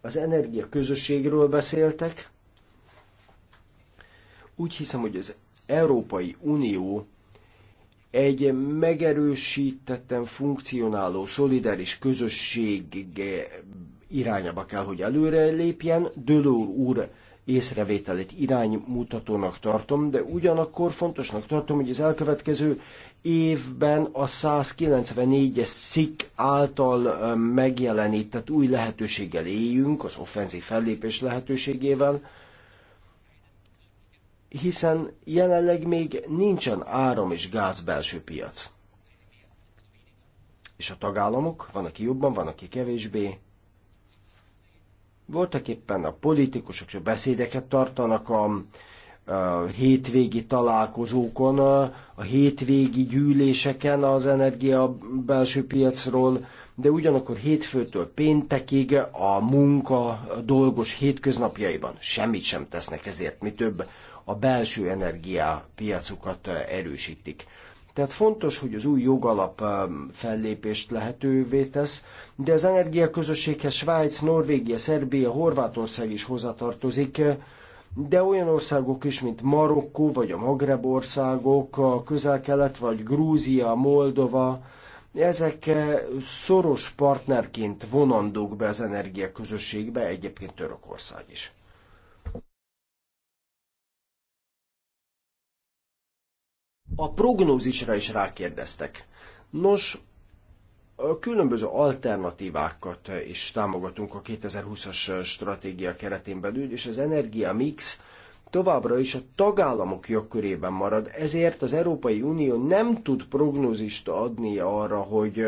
Az energia közösségről beszéltek. Úgy hiszem, hogy az Európai Unió egy megerősítetten funkcionáló szolidáris közösség irányába kell, hogy előre lépjen. Dölór úr észrevételét iránymutatónak tartom, de ugyanakkor fontosnak tartom, hogy az elkövetkező évben a 194-es szik által um, megjelenített új lehetőséggel éljünk, az offenzív fellépés lehetőségével, hiszen jelenleg még nincsen áram és gáz belső piac. És a tagállamok, van aki jobban, van aki kevésbé, voltak éppen a politikusok a beszédeket tartanak a, a hétvégi találkozókon, a hétvégi gyűléseken az energia belső piacról, de ugyanakkor hétfőtől péntekig a munka a dolgos hétköznapjaiban semmit sem tesznek ezért, mi több a belső piacokat erősítik. Tehát fontos, hogy az új jogalap fellépést lehetővé tesz, de az energiaközösséghez Svájc, Norvégia, Szerbia, Horvátország is hozzátartozik, de olyan országok is, mint Marokkó, vagy a Magreb országok, a közel-kelet, vagy Grúzia, Moldova, ezek szoros partnerként vonandók be az energiaközösségbe, egyébként Törökország is. a prognózisra is rákérdeztek. Nos, különböző alternatívákat is támogatunk a 2020-as stratégia keretén belül, és az energia mix továbbra is a tagállamok jogkörében marad, ezért az Európai Unió nem tud prognózist adni arra, hogy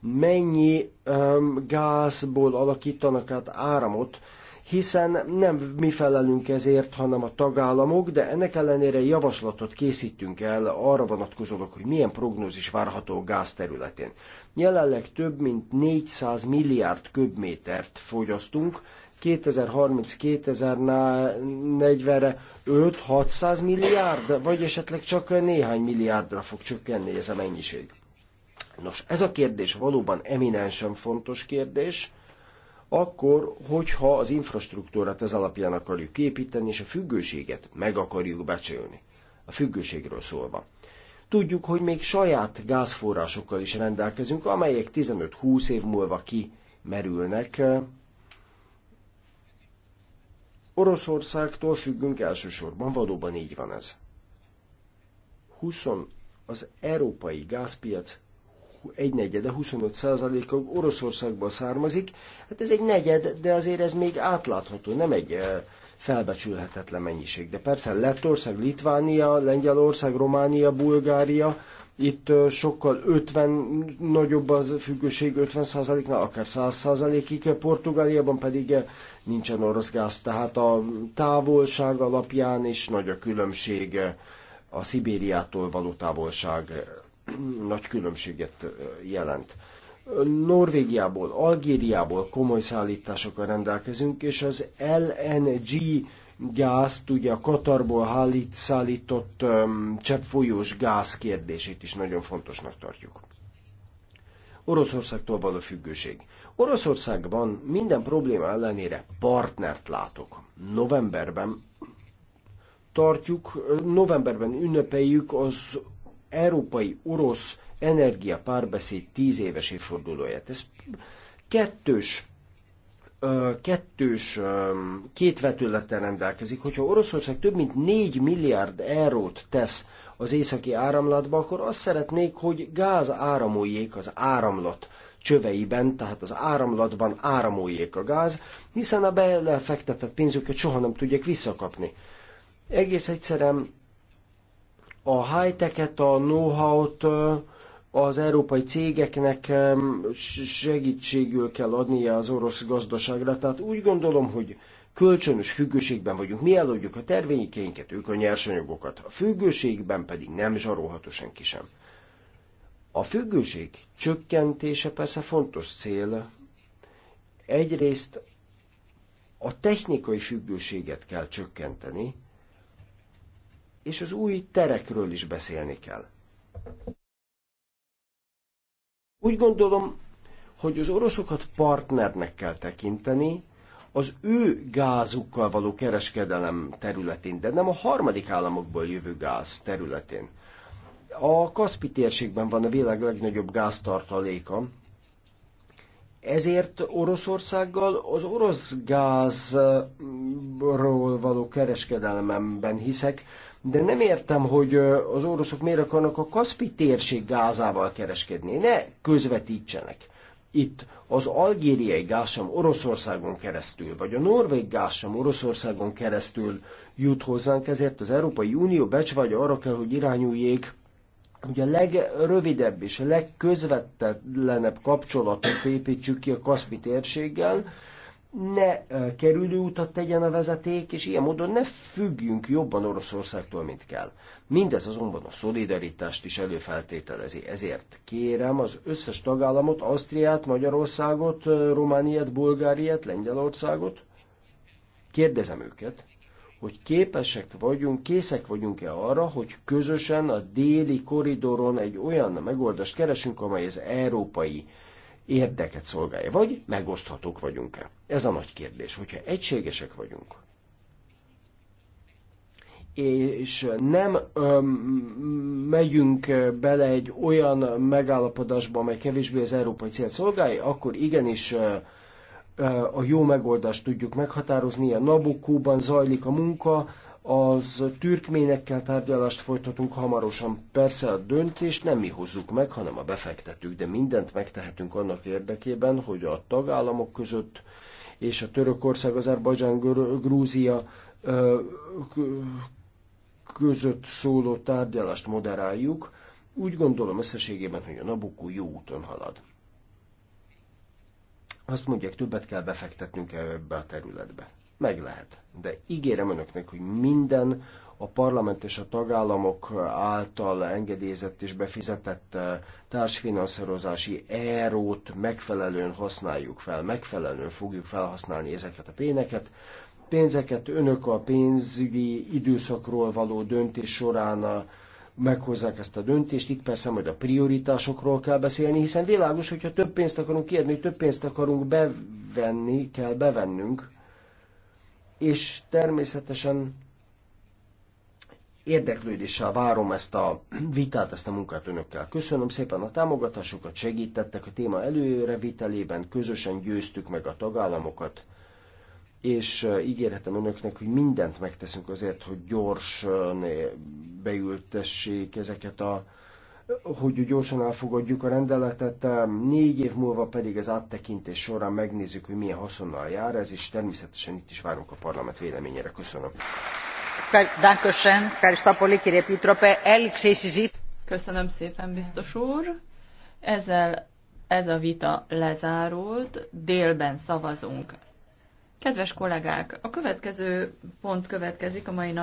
mennyi um, gázból alakítanak át áramot, hiszen nem mi felelünk ezért, hanem a tagállamok, de ennek ellenére javaslatot készítünk el arra vonatkozólag, hogy milyen prognózis várható a gáz területén. Jelenleg több mint 400 milliárd köbmétert fogyasztunk, 2030-2040-re 5-600 milliárd, vagy esetleg csak néhány milliárdra fog csökkenni ez a mennyiség. Nos, ez a kérdés valóban eminensen fontos kérdés, akkor, hogyha az infrastruktúrát ez alapján akarjuk építeni, és a függőséget meg akarjuk becsülni. A függőségről szólva. Tudjuk, hogy még saját gázforrásokkal is rendelkezünk, amelyek 15-20 év múlva kimerülnek. Oroszországtól függünk elsősorban, valóban így van ez. 20 az európai gázpiac de 25%-a Oroszországból származik. Hát ez egy negyed, de azért ez még átlátható, nem egy felbecsülhetetlen mennyiség. De persze Lettország, Litvánia, Lengyelország, Románia, Bulgária, itt sokkal 50 nagyobb az függőség, 50%-nál, akár 100%-ig, Portugáliában pedig nincsen orosz gáz, tehát a távolság alapján is nagy a különbség a Szibériától való távolság nagy különbséget jelent. Norvégiából, Algériából komoly szállításokkal rendelkezünk, és az LNG gázt, ugye a Katarból hálít, szállított um, cseppfolyós gáz kérdését is nagyon fontosnak tartjuk. Oroszországtól való függőség. Oroszországban minden probléma ellenére partnert látok. Novemberben tartjuk, novemberben ünnepeljük az európai-orosz energia párbeszéd tíz éves évfordulóját. Ez kettős kettős, két vetülettel rendelkezik. Hogyha Oroszország több mint 4 milliárd eurót tesz az északi áramlatba, akkor azt szeretnék, hogy gáz áramoljék az áramlat csöveiben, tehát az áramlatban áramoljék a gáz, hiszen a belefektetett pénzüket soha nem tudják visszakapni. Egész egyszerűen a high-tech-et, a know-how-t az európai cégeknek segítségül kell adnia az orosz gazdaságra. Tehát úgy gondolom, hogy kölcsönös függőségben vagyunk. Mi eladjuk a tervénykénket, ők a nyersanyagokat. A függőségben pedig nem zsarolható senki sem. A függőség csökkentése persze fontos cél. Egyrészt a technikai függőséget kell csökkenteni, és az új terekről is beszélni kell. Úgy gondolom, hogy az oroszokat partnernek kell tekinteni, az ő gázukkal való kereskedelem területén, de nem a harmadik államokból jövő gáz területén. A Kaszpi térségben van a világ legnagyobb gáztartaléka, ezért Oroszországgal az orosz gázról való kereskedelemben hiszek, de nem értem, hogy az oroszok miért akarnak a Kaspi térség gázával kereskedni. Ne közvetítsenek. Itt az algériai gáz sem Oroszországon keresztül, vagy a norvég gáz sem Oroszországon keresztül jut hozzánk, ezért az Európai Unió becsvágya arra kell, hogy irányuljék, hogy a legrövidebb és a legközvetlenebb kapcsolatot építsük ki a Kaszpi térséggel, ne kerülő utat tegyen a vezeték, és ilyen módon ne függjünk jobban Oroszországtól, mint kell. Mindez azonban a szolidaritást is előfeltételezi. Ezért kérem az összes tagállamot, Ausztriát, Magyarországot, Romániát, Bulgáriát, Lengyelországot, kérdezem őket, hogy képesek vagyunk, készek vagyunk-e arra, hogy közösen a déli koridoron egy olyan megoldást keresünk, amely az európai érdeket szolgálja, vagy megoszthatók vagyunk-e? Ez a nagy kérdés, hogyha egységesek vagyunk, és nem öm, megyünk bele egy olyan megállapodásba, amely kevésbé az európai cél szolgálja, akkor igenis ö, ö, a jó megoldást tudjuk meghatározni. A Nabokóban zajlik a munka, az türkménekkel tárgyalást folytatunk hamarosan. Persze a döntést nem mi hozzuk meg, hanem a befektetők, de mindent megtehetünk annak érdekében, hogy a tagállamok között és a Törökország, Azerbajdzsán, Grúzia között szóló tárgyalást moderáljuk. Úgy gondolom összességében, hogy a Nabukó jó úton halad. Azt mondják, többet kell befektetnünk ebbe a területbe meg lehet. De ígérem önöknek, hogy minden a parlament és a tagállamok által engedélyezett és befizetett eh, társfinanszírozási erót megfelelően használjuk fel, megfelelően fogjuk felhasználni ezeket a péneket, pénzeket önök a pénzügyi időszakról való döntés során eh, meghozzák ezt a döntést. Itt persze majd a prioritásokról kell beszélni, hiszen világos, hogyha több pénzt akarunk kiadni, több pénzt akarunk bevenni, kell bevennünk, és természetesen érdeklődéssel várom ezt a vitát, ezt a munkát önökkel. Köszönöm szépen a támogatásokat, segítettek a téma előrevitelében, közösen győztük meg a tagállamokat, és ígérhetem önöknek, hogy mindent megteszünk azért, hogy gyorsan beültessék ezeket a hogy gyorsan elfogadjuk a rendeletet, négy év múlva pedig az áttekintés során megnézzük, hogy milyen haszonnal jár ez, és természetesen itt is várunk a parlament véleményére. Köszönöm. Köszönöm szépen, biztos úr. Ezzel ez a vita lezárult, délben szavazunk. Kedves kollégák, a következő pont következik a mai nap.